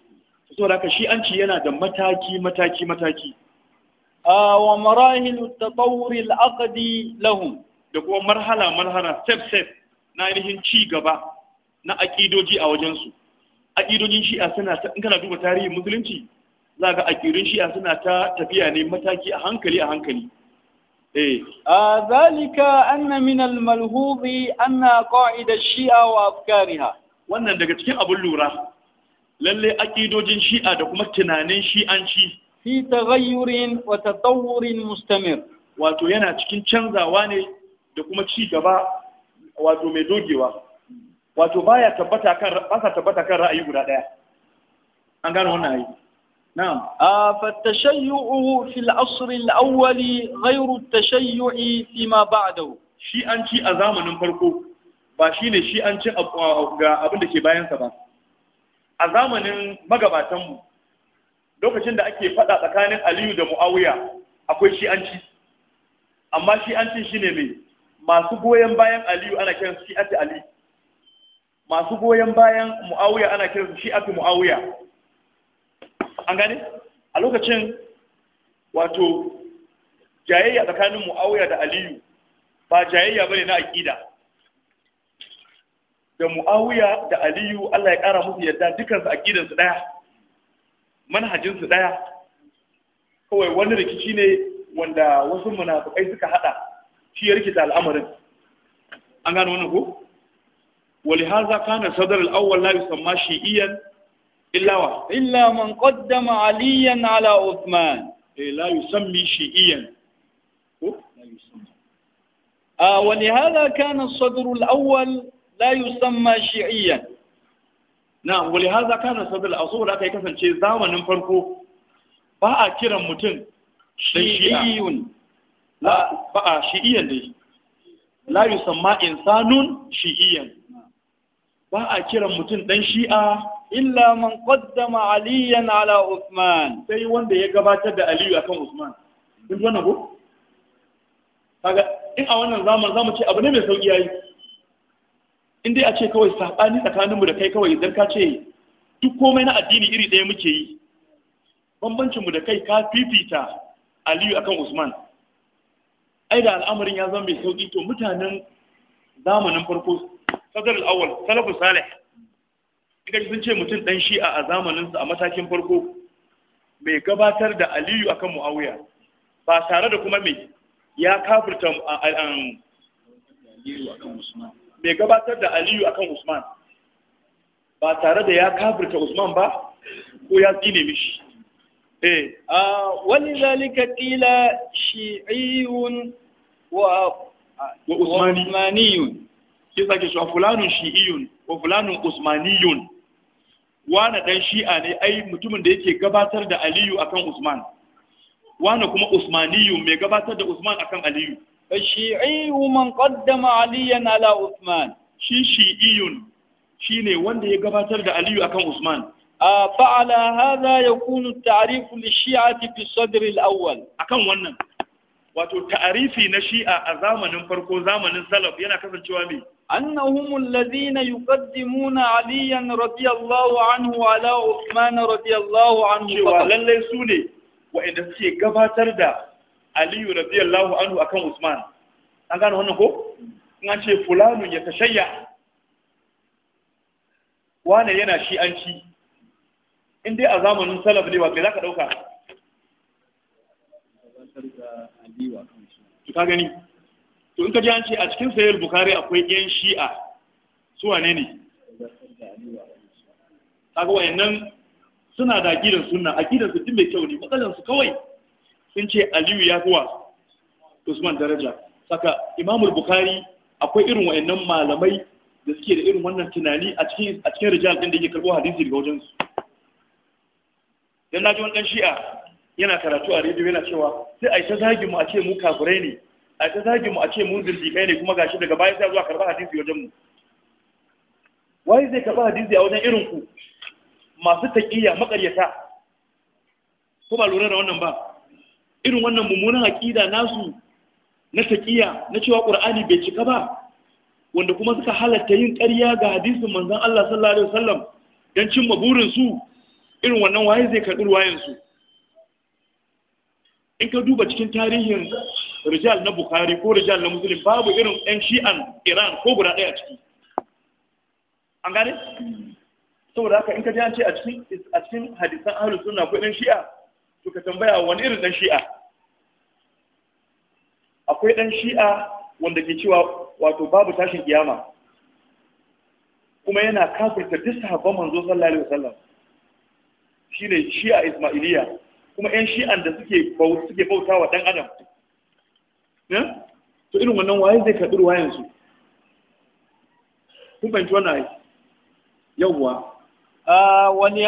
A: so da shi an ci yana da mataki mataki mataki wa marahilu ta al-aqdi lahum da kuma marhala marhala step step na ainihin ci gaba na aqidoji a wajensu. su shi'a suna in kana duba tarihin musulunci za ga akirin shi'a suna ta tafiya ne mataki
B: a hankali a hankali eh. a zalika anna min al-malhuzi anna qa'ida shia wa afkariha wannan daga cikin abin lura
A: lalle akidojin shi'a da kuma tunanin shi'anci fi taghayyurin wa tatawwurin mustamir wato yana cikin canzawa ne da kuma ci gaba wato mai dogewa wato baya tabbata kan ba tabbata kan ra'ayi guda daya
B: an gano wannan ayi نعم فالتشيع في العصر الأول غير التشيع فيما بعده shi an ci a zamanin
A: farko ba shi ne shi an ci ga abin da ke bayansa ba a zamanin magabatanmu lokacin da ake faɗa tsakanin aliyu da mu'awiya akwai amma mai masu goyon bayan aliyu ana kiran shi'ati ali masu goyon bayan mu'awiya ana mu'awiya an gane a lokacin wato jayayya tsakanin mu'awiya da aliyu ba jayayya bane na aƙida da mu'awiya da aliyu allah ya ƙara musu yadda su aƙidansu ɗaya manhajinsu ɗaya kawai wani rikici ne wanda wasu munafukai suka haɗa shi ya rikita al'amarin an gano wani ko ولهذا كان الصدر الأول la yusamma shi'iyan illawa
B: illa man qaddama aliyan ala Usman. eh la yusammi shi'iyan ko la yusammi ah wa lihadha kana as-sadr al-awwal la yusamma shi'iyan na wa lihadha
A: kana as-sadr al-asghar aka kasance zamanin farko ba a kiran mutum shi'iyun la ba a shi'iyan dai la yusamma insanun shi'iyan ba a kiran mutum dan shi'a illa man qaddama aliyan ala usman sai wanda ya gabatar da aliyu akan usman kun ji wannan kaga in a wannan zaman zamu ce abu ne mai sauki yayi in dai a ce kawai sabani tsakaninmu da kai kawai idan ka ce duk komai na addini iri ɗaya muke yi mu da kai ka fifita aliyu akan usman ai da al'amarin ya zama mai sauki to mutanen zamanin farko sadar al'awal salafu salih idan sun ce mutum dan shi'a a zamaninsu a matakin farko mai gabatar da aliyu akan muawiya ba tare da kuma mai ya kafirta mai gabatar da aliyu akan usman ba tare da ya kafirta usman ba ko ya tsine mishi eh,
B: A wani zalika ƙila shi'iyun wa usmaniyun
A: shi sake shi wa fulanun shi'iyun wa fulanun usmaniyun wane dan shi'a ne ai mutumin da yake gabatar da aliyu akan usman wane kuma usmaniyu mai gabatar da usman akan aliyu
B: shi'iyu man qaddama aliyan ala usman shi shi'iyun shine wanda ya gabatar da aliyu akan usman فعلى fi sadr al-awwal
A: akan wannan, wato ta'rifi na Shi'a a zamanin farko zamanin Salaf yana kasancewa
B: ne. أنهم الذين يقدمون عليا رضي الله عنه على عثمان رضي الله عنه فقط لله سوني وإن
A: سكي قباتر دا علي رضي الله عنه أكن عثمان أنا هنا هو نانشي فلان يتشيع وانا ينا شي أنشي إن دي أزامن سلف لي وكذا كدوكا ka gani to in ka ji an ce a cikin sayar bukari akwai yan shi'a su wane ne kaga wayannan suna da akidar sunna akidar su din mai kyau ne matsalan su kawai sun ce aliyu ya kuwa usman daraja saka imamul bukari akwai irin wayannan malamai da suke da irin wannan tunani a cikin a cikin rijal din da yake karbo hadisi daga wajen su dan naji wani dan shi'a yana karatu a rediyo yana cewa sai a zagin zagi mu a ce mu kafirai ne a ta zagi mu a ce mun zindikai ne kuma gashi daga baya sai zuwa karɓar hadisi wajen mu wai zai karɓa hadisi a wajen irin ku masu taƙiyya maƙaryata ko ba lura da wannan ba irin wannan mummunan aqida nasu na taƙiyya na cewa ƙur'ani bai cika ba wanda kuma suka halatta yin ƙarya ga hadisin manzon Allah sallallahu alaihi wasallam dan cimma maburin su irin wannan waye zai karɓi ruwayan su in ka duba cikin tarihin rijal na bukhari ko rijal na muslim babu irin yan shi'an iran ko guda ɗaya a ciki an gane saboda haka in ka ji an ce a cikin a hadisan ahlus suna ko ɗan shi'a to ka tambaya wani irin ɗan shi'a akwai ɗan shi'a wanda ke cewa wato babu tashin kiyama kuma yana kafirta duk sahabban manzo sallallahu alaihi wasallam shine shi'a ismailiya kuma yan shi'an da suke suke bautawa dan adam to irin wannan waye zai karɓi kun
B: fahimci wannan ai yawwa ah, wani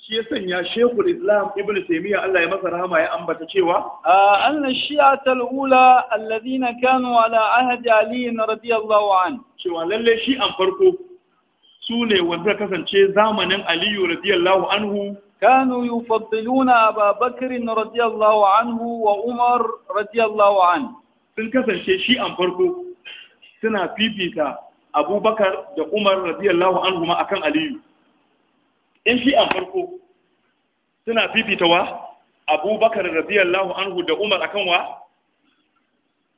B: shi ya sanya shekul islam ibn
A: taimiyya Allah ya masa rahama ya ambata cewa
B: ah, anna shi'ata al-ula alladhina kanu ala ahdi ali radiyallahu an cewa lalle shi an farko su ne wanda kasance zamanin aliyu radiyallahu anhu كانوا يفضلون أبا بكر رضي الله عنه وعمر رضي الله عنه sun
A: kasance shi an farko suna fifita abubakar da umar radiyallahu anhu ma akan aliyu in shi an farko suna fifita wa abubakar radiyallahu anhu da umar akan wa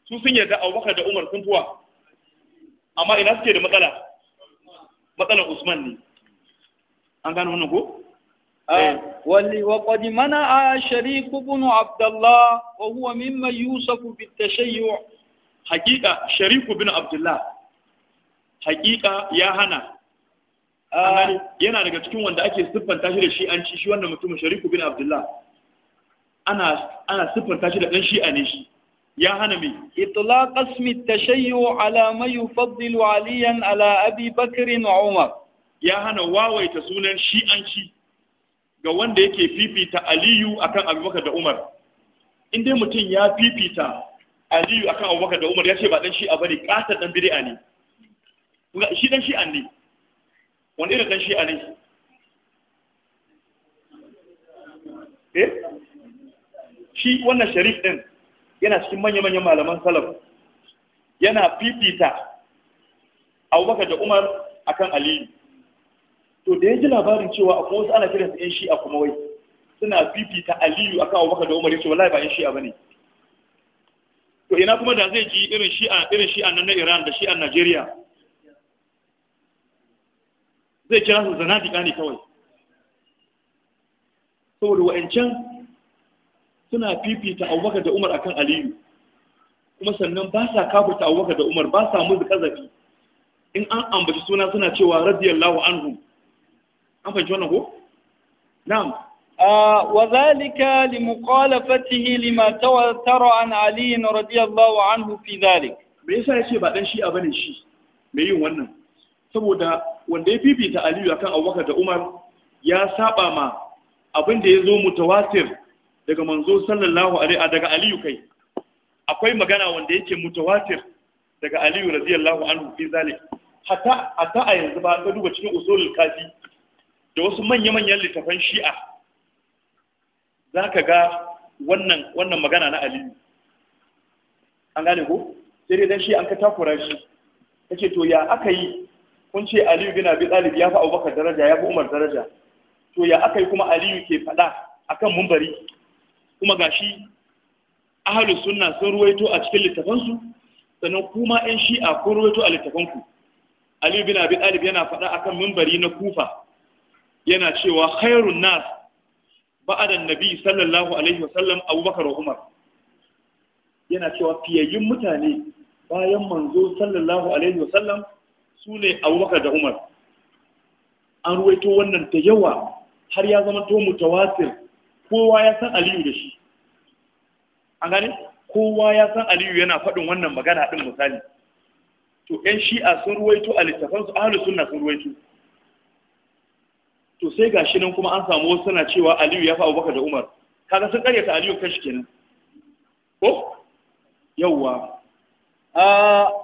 A: su sun yarda abubakar da umar sun tuwa amma ina suke da matsala matsalar
B: usman ne an gano wannan ko آه. إيه. ولي وقد منع شريك بن عبد الله وهو مما يوصف بالتشيع حقيقة شريك بن عبد الله حقيقة يا هنا
A: آه. أنا ينا لك تكون وانت أكي سبن تاشي لشي أنشي شو أنا متوم شريك بن عبد الله
B: أنا أنا سبن تاشي لأنشي أنشي يا هنمي إطلاق اسم التشيع على ما يفضل عليا على أبي بكر وعمر يا هنا واوي تسولن شي أنشي ga wanda yake fifita aliyu
A: akan abubakar da umar in dai mutum ya fifita aliyu akan abubakar da umar ya ce ba dan a bari katar dan bid'a ne shi dan shi'a ne wani irin dan shi'a ne eh shi wannan sharif din yana cikin manya-manyan malaman salaf yana fifita abubakar da umar akan aliyu to da ya ji labarin cewa akwai wasu ana kiransu yan shi'a kuma wai suna fifita aliyu akan abubakar da umar ya wallahi ba yan shi'a bane to ina kuma da zai ji irin shi'a irin shi'a nan na iran da shi'a najeriya zai kira su zanadika ne kawai saboda wa'ancan suna fifita abubakar da umar akan aliyu kuma sannan ba sa kafuta abubakar da umar ba sa musu kazafi in an ambaci suna suna cewa radiyallahu anhu
B: an fahimci wannan ko na'am وذلك لمخالفته لما تواتر عن علي رضي الله عنه في
A: ذلك me yasa yace ba dan shi a bane shi me yin wannan saboda wanda ya fifita Aliyu akan Abubakar da Umar ya saba ma abin da yazo mutawatir daga manzo sallallahu alaihi daga Aliyu kai akwai magana wanda yake mutawatir daga Aliyu radiyallahu anhu fi zalik hatta hatta a yanzu ba ka duba cikin usulul kafi da wasu manya-manyan littafan shi'a za ka ga wannan magana na aliyu an gane ko sai dai dan shi an ka takura shi ce to ya aka yi kun ce aliyu gina bi talib ya fi abubakar daraja ya fi umar daraja to ya aka yi kuma aliyu ke faɗa akan mumbari kuma shi ahalus suna sun ruwaito a cikin littafansu sannan kuma yan shi'a kun ruwaito a littafanku aliyu gina bi talib yana faɗa akan mumbari na kufa yana cewa khairun nas ba'da nabi sallallahu alaihi wasallam abubakar wa umar yana cewa fiyayyun mutane bayan manzo sallallahu alaihi wasallam su ne abubakar da umar an ruwaito wannan ta yawa har ya zama to mutawatir kowa ya san aliyu da shi an gane kowa ya san aliyu yana faɗin wannan magana ɗin misali to ƴan shi'a sun ruwaito a littafansu ahalu sunna sun ruwaito to sai ga shi nan kuma an samu wasu sana cewa aliyu ya fi abubakar da umar kaga sun karyata aliyu kan shi kenan ko yawwa
B: a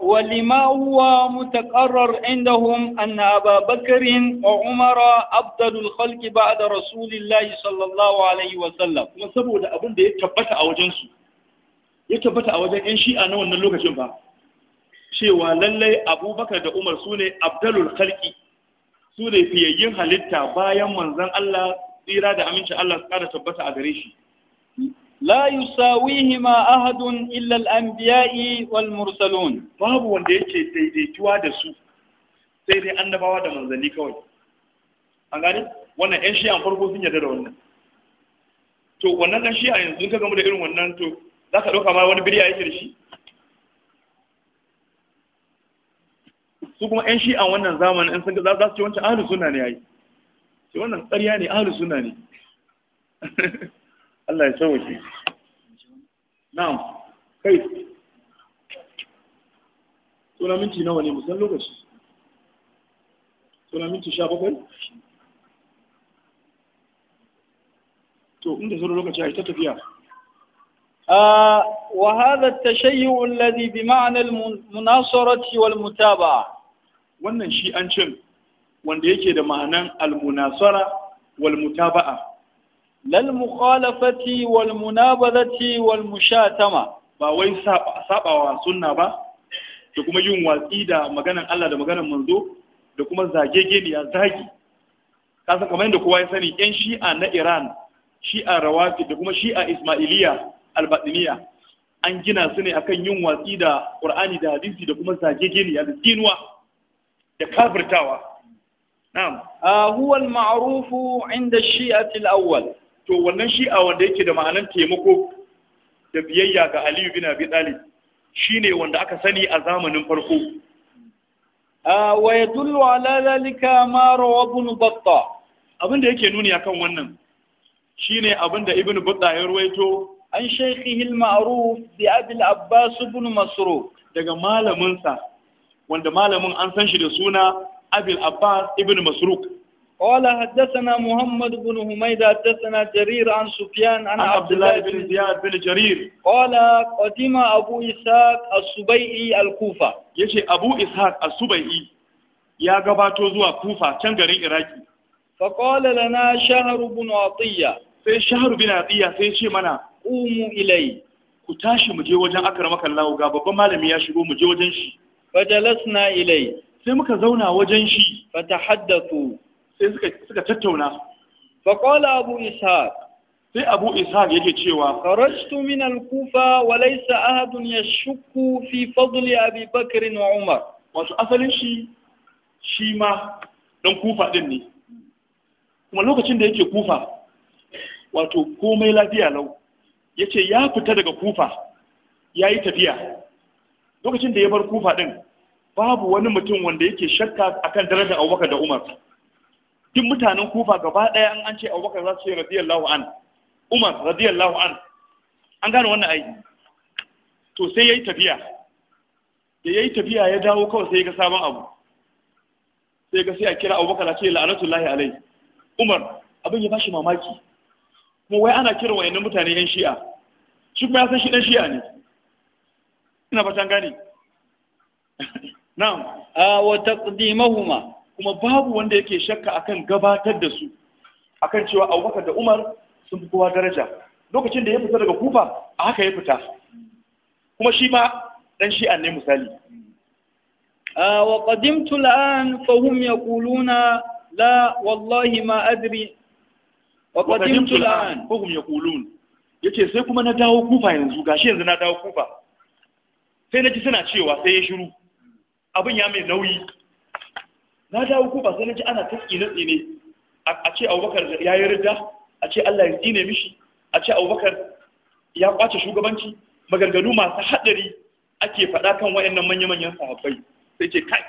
B: walima uwa mutakarar indahum anna ababakarin wa umara abdadul khalki ba da rasulillahi sallallahu alaihi wa sallam kuma saboda abin da ya tabbata a wajen su yan shi'a na wannan lokacin
A: ba cewa lallai abubakar da umar sune ne abdalul khalki su ne fiyayyin halitta bayan manzan Allah tsira da aminci Allah su kada tabbata a gare
B: shi la yusawihima ahadun illal al-anbiya'i wal mursalun
A: babu wanda yake daidaituwa da su sai dai annabawa da manzanni kawai an gani wannan yan shi'an farko sun yarda da wannan to wannan ɗan shi'a yanzu ka gamu da irin wannan to za ka ɗauka ma wani birya yake da shi su kuma yan shi'a wannan zamanin in sun ga za su ce wancan ahlus sunna ne yayi sai wannan ƙarya ne ahlus sunna ne Allah ya sauke na'am kai suna minti nawa ne musan lokaci suna minti sha bakwai to inda sauran lokaci a ita tafiya
B: وهذا التشيع الذي بمعنى المناصرة والمتابعة wannan shi an cin wanda yake da ma'anan almunasara wal mutaba'a lal mukhalafati wal munabazati wal mushatama ba wai sabawa sunna
A: ba da kuma yin watsi da maganan Allah da maganan manzo da kuma zagegeniya zagi kasa kamar yadda kowa ya sani yan shi'a na Iran shi'a rawafi da kuma shi'a Ismailiya albatiniya an gina su ne akan yin watsi da Qur'ani da hadisi da kuma ne da tsinuwa da kafirtawa na'am ah, huwa
B: al-ma'rufu
A: 'inda shi'ati al-awwal to wannan shi'a wanda yake da ma'anan taimako da biyayya ga Aliyu bin Abi Talib shine wanda aka sani a zamanin farko ah, wa yadullu ala zalika ma rawa ibn Battah abinda yake nuni akan wannan shine abinda Ibn Battah ya ruwaito an shaykhihi al-ma'ruf bi Abi al-Abbas ibn Masruq daga malamin sa wanda malamin an san shi da suna Abil Abbas ibn Masruq
B: قال حدثنا محمد بن حميد حدثنا جرير عن سفيان عن, عن عبد الله بن
A: زياد بن جرير
B: قال قدم ابو اسحاق
A: السبيعي الكوفه يجي ابو اسحاق السبيعي يا غباتو زوا كوفه كان غارين iraki فقال لنا شهر بن عطيه sai shahar bin atiya sai ce mana umu ilai ku tashi mu je wajen akramaka Allah ga babban malami ya shigo mu je wajen shi fajalasna ilai sai muka zauna wajen shi fatahaddathu
B: sai suka suka tattauna faqala abu ishaq sai abu ishaq yake cewa kharajtu min al-kufa wa laysa ahadun yashukku fi fadli abi bakr wa umar wato asalin shi shi ma dan
A: kufa din ne kuma lokacin da yake kufa wato komai lafiya lau yace ya fita daga kufa yayi tafiya lokacin da ya bar kufa din babu wani mutum wanda yake shakka akan darajar abubakar da umar duk mutanen kufa gaba ɗaya an an ce abubakar za su ce radiyallahu an umar radiyallahu an an gane wannan aiki to sai ya yi tafiya da ya yi tafiya ya dawo kawai sai ga sabon abu sai ga sai a kira abubakar a ce la'anatullahi alai umar abin ya bashi mamaki kuma wai ana kiran wayannan mutane yan shi'a shi kuma ya san shi dan shi'a ne ina fatan gane na'am wa taqdimahuma kuma babu wanda yake shakka akan gabatar da su akan cewa Abubakar da Umar sun fi kowa daraja lokacin da ya fita daga Kufa a haka ya fita kuma shi ma dan shi ne misali
B: wa qadimtu la'an, fa hum yaquluna la wallahi ma adri
A: wa qadimtu al'an
B: fa hum yaqulun
A: yace sai kuma na dawo Kufa yanzu gashi yanzu na dawo Kufa sai na ji suna cewa sai ya shiru abin ya mai nauyi na dawo ko ba sai naji ana ta tsine tsine a ce Abubakar ya yi rida a ce Allah ya tsine mishi a ce Abubakar ya kwace shugabanci maganganu masu haɗari ake faɗa kan wayannan manya-manyan sahabbai sai ce kai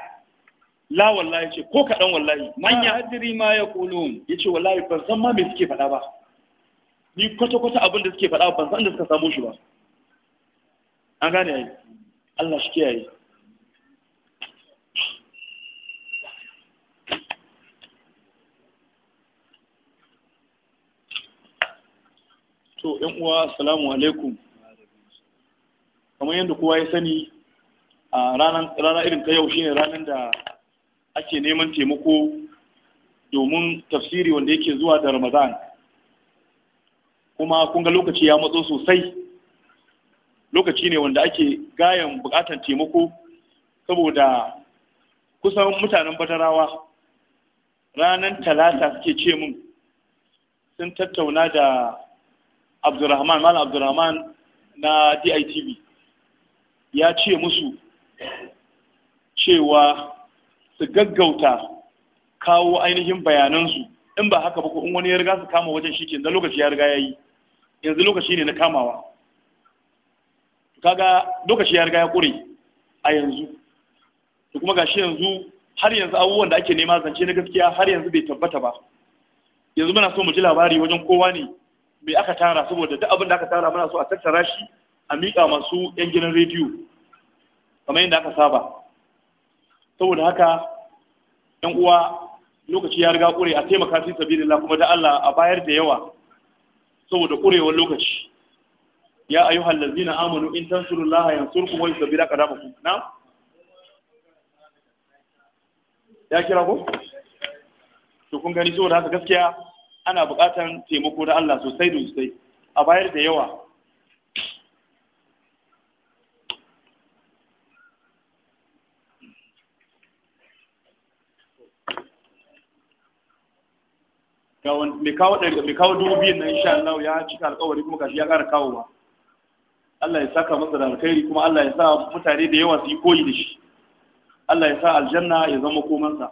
A: la wallahi ce ko kaɗan wallahi manya haɗari ma ya kulun ya ce wallahi ban san ma me suke faɗa ba ni kwata-kwata abin da suke faɗa ban san da suka samu shi ba an gane yi. Allah shi yi. So, yan uwa salamu alaikum kamar yadda kowa ya sani a rana irin ta yau shine ranar da ake neman taimako domin tafsiri wanda yake zuwa da ramadan kuma kun ga lokaci ya matso sosai lokaci ne wanda ake gayan bukatan taimako saboda kusan mutanen badarawa ranar talata suke ce mun sun tattauna da Abdulrahman, malam abdurrahman na DITV ya ce musu cewa su gaggauta kawo ainihin bayanansu in ba haka ba ko in wani ya riga su kama wajen shi ke lokaci ya riga ya yi yanzu lokaci ne na kamawa kaga lokaci ya riga ya ƙure a yanzu to kuma gashi yanzu har yanzu abubuwan da ake nema zance na gaskiya har yanzu bai tabbata ba yanzu muna so mu ji labari wajen kowa ne me aka tara saboda duk abin da aka tara muna so a tattara shi a miƙa masu yan gidan rediyo kamar yadda aka saba saboda haka yan uwa lokaci ya riga ƙure a taimaka fi sabilillah kuma da Allah a bayar da yawa saboda ƙurewar lokaci ya hallazi na amanu in tansurullaha yansurkum wa yusabbir ku Na ya kira ko to kun gani saboda haka gaskiya ana buƙatar taimako da Allah sosai da sosai a bayar da yawa mai kawo mai kawo dubu biyu na insha Allah ya cika alƙawari kuma gashi ya ƙara kawo ba Allah ya saka masa da alkhairi kuma Allah ya sa mutane da yawa su yi koyi da shi Allah ya sa aljanna ya zama komansa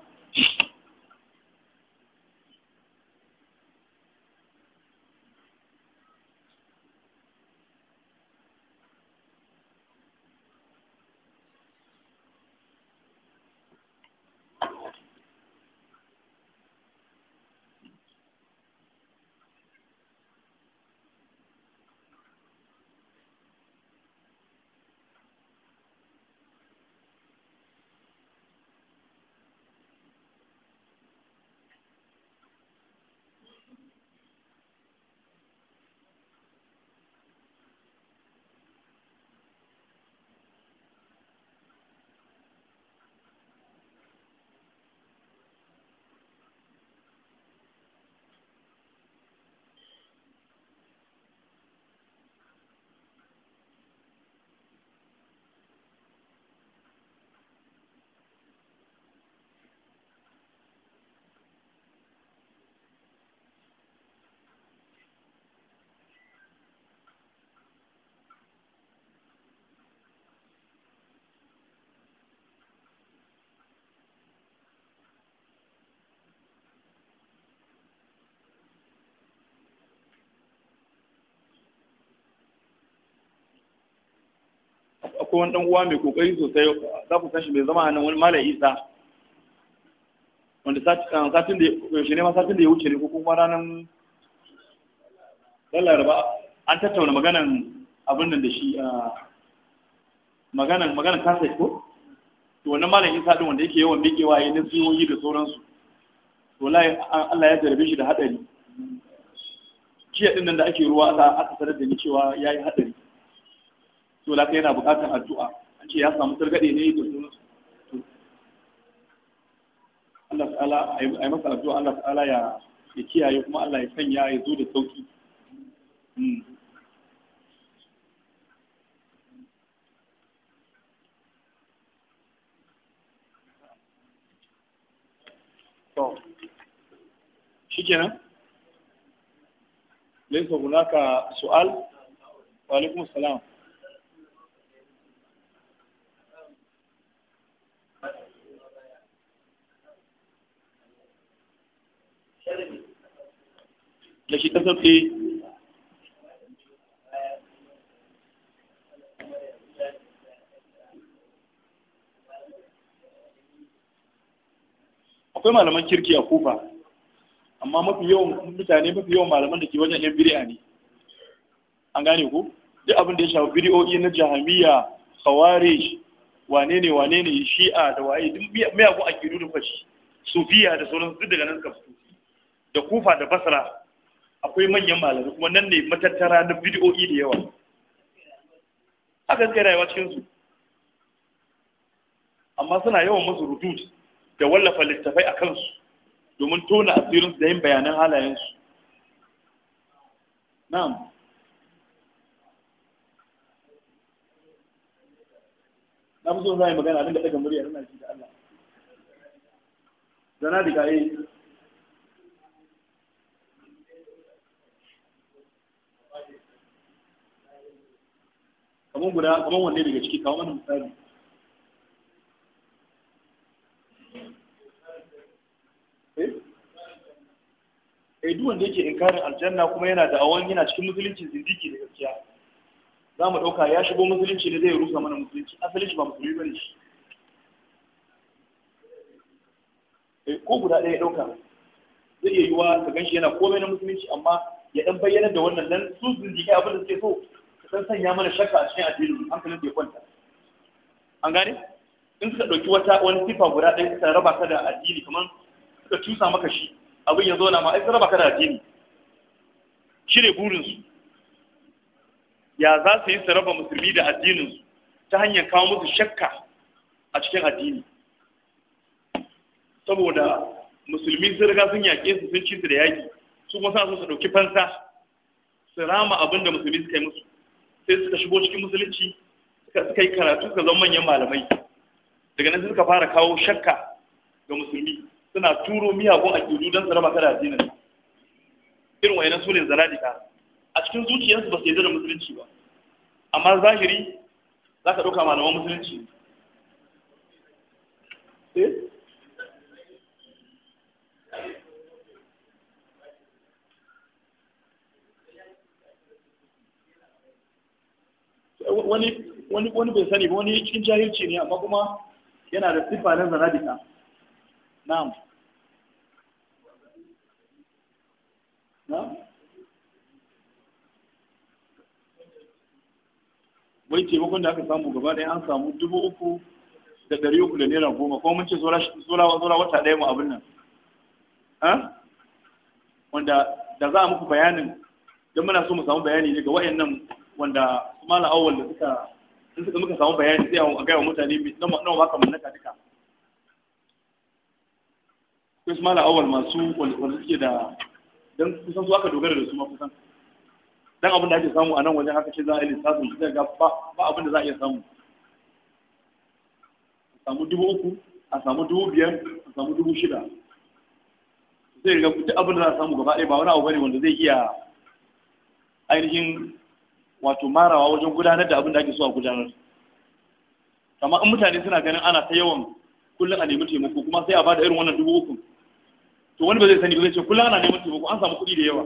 A: akwai wani dan uwa mai kokari sosai za ku shi mai zama a nan wani malam isa wanda ah, satin da ne ma satin da ya wuce ne ko kuma ranar dalar ba an tattauna maganan abin nan da shi ah, maganan maganan kasa ko to wannan malam isa din wanda yake yawan mikewa yayin nasihohi da sauransu to lai ah, Allah ya jarabe shi da hadari jiya din nan da ake ruwa a aka sanar da ni cewa yayi hadari so la kai yana buƙatar addu'a an ce ya samu targade ne da sunan to Allah ta'ala ai masa addu'a Allah ta'ala ya ya kiyaye kuma Allah ya sanya ya zo da sauki hmm. shikenan laysa hunaka su'al wa alaikum da shi ta eh akwai malaman kirki a kufa amma mafi yawan mutane mafi yawan malaman da ke wajen yan biri'a ne an gane ku duk abin da ya shafi biri'o'i na jahamiya kawari wane ne wane ne shi'a da waye duk miyagun akidu da fashi sufiya da sauran duk daga nan suka da kufa da basra akwai manyan malamai kuma nan ne matattara na bidiyo'i da yawa haka suka rayuwa cikin su amma suna yawan musu rudud da wallafa littafai a kansu domin tona asirinsu da yin bayanan halayensu na'am na fi so za a yi magana abinda daga murya na ji da Allah zana da yi eh. kamar guda kamar wanne daga ciki kawo mana misali eh? eh duk wanda yake inkarin aljanna kuma yana da awan yana cikin musulunci zindigi da gaskiya za mu ɗauka ya shigo musulunci ne zai rusa mana musulunci asali shi ba musulmi bane shi eh, ko guda ɗaya ya ɗauka zai iya yiwa ka ganshi yana komai na musulunci amma ya ɗan bayyana da wannan nan su zindigai abin da suke so san sanya mana shakka a cikin addinin hankalin bai kwanta an gane in suka ɗauki wata wani sifa guda ɗaya suka raba ka da addini kamar suka cusa maka shi abin ya zo na ma ai raba ka da addini shi ne burinsu ya za su yi su raba musulmi da addininsu ta hanyar kawo musu shakka a cikin addini saboda musulmi sun riga sun yaƙe su sun ci su da yaƙi su kuma sa su su ɗauki fansa su rama abin da musulmi suka yi musu sai suka shigo cikin musulunci suka yi karatu ka zama manyan malamai daga nan suka fara kawo shakka ga musulmi suna turo miyagun aƙidu don su raba da addinin irin wayanan sule ne zanadika a cikin zuciyarsu ba su yi da musulunci ba amma zahiri za ka ɗauka malaman musulunci eh? wani wani wani bai sani ba wani cikin jahilci ne amma kuma yana da sifa na zanadika na'am na? wai taimakon da aka samu gaba ɗaya an samu dubu uku da ɗari uku da naira goma kuma mun ce tsora wata ɗaya mu abin nan wanda da za a muku bayanin don muna so mu samu bayani daga wa'annan wanda mala awwal da suka sun suka muka samu bayani sai a gaya wa mutane nawa baka mallaka duka akwai su mala awwal masu wanda suke da dan kusan su aka dogara da su ma kusan dan abin da ake samu a nan wajen haka ce za a yi lissafin zai ga ba abin da za a iya samu a samu dubu uku a samu dubu biyar a samu dubu shida zai ga duk abin da za a samu gaba ɗaya ba wani abu bane wanda zai iya ainihin wato marawa wajen gudanar da abin da ake so a gudanar amma in mutane suna ganin ana ta yawan kullum a nemi taimako kuma sai a bada irin wannan dubu uku to wani ba zai sani ba zai ce kullum ana neman taimako an samu kuɗi da yawa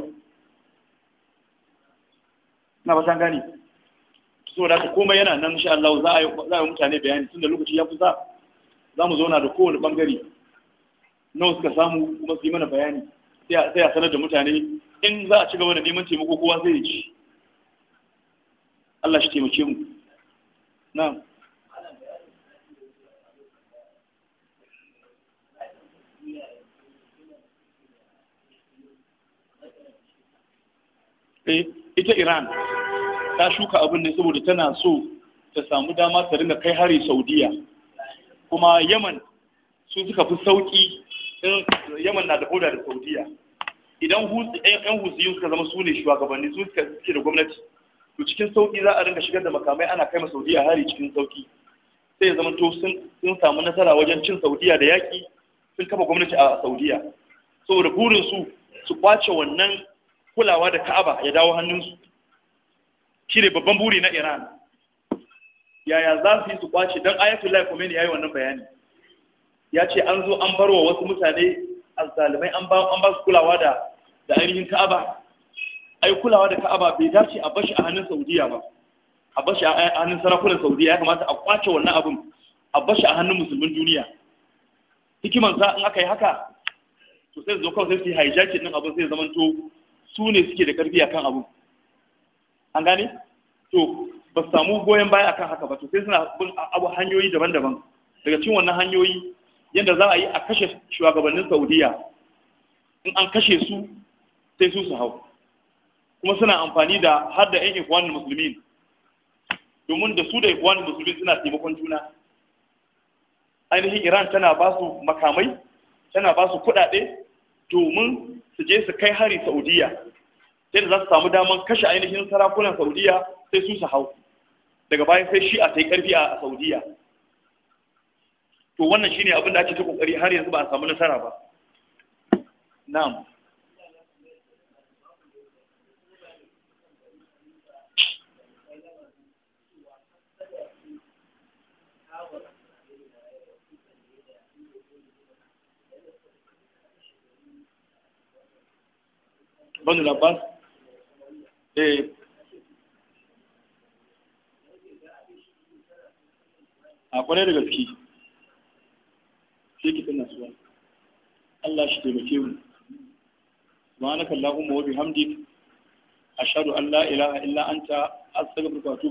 A: na ba san gani so da komai yana nan insha Allah za a yi mutane bayani tunda lokaci ya kusa za mu zauna da kowane bangare nawa suka samu kuma su yi mana bayani sai a sanar da mutane in za a ci gaba da neman taimako kowa zai yi. Allah shi taimake mu na'am eh, ita Iran ta shuka abin ne saboda tana so ta samu dama ta rinka kai hari Saudiya kuma Yaman su suka fi sauki in Yaman na da hoda da Saudiya idan yan eh, husiyin suka zama su ne shugabanni su suka suke da gwamnati to cikin sauki za a rinka shigar da makamai ana kai ma saudiya hari cikin sauki sai ya zama to sun samu nasara wajen cin saudiya da yaki sun kafa gwamnati a saudiya saboda burin su su kwace wannan kulawa da ka'aba ya dawo hannunsu shi ne babban buri na iran yaya za su yi su kwace don ayatollah khomeini ya yi wannan bayani ya ce an zo an barwa wasu mutane azzalimai an ba su kulawa da ainihin ka'aba ai kulawa da ka'aba bai dace a bashi a hannun saudiya ba a bashi a hannun sarakunan saudiya ya kamata a kwace wannan abin a bashi a hannun musulmin duniya hikiman sa in aka yi haka to sai zo kawai sai su hijack din abin sai zamanto su ne suke da karfi akan abin an gane to ba su samu goyon baya akan haka ba to sai suna bin abu hanyoyi daban-daban daga cikin wannan hanyoyi yadda za a yi a kashe shugabannin saudiya in an kashe su sai su su hau kuma suna amfani da har da 'yan ikwanin musulmi domin da su da ikwanin musulmi suna taimakon juna ainihin iran tana ba su makamai tana ba su kuɗaɗe domin su je su kai hari saudiya sai da za su samu damar kashe ainihin sarakunan saudiya sai su su hau daga bayan sai shi a ta yi ƙarfi a saudiya to wannan shine abin da ake ta kokari har yanzu ba a samu nasara ba na'am fadul abbas eh a kwarai da gaske sai ki tana suwa Allah shi taimake mu subhanaka allahumma wa bihamdik ashhadu an la ilaha illa anta astaghfiruka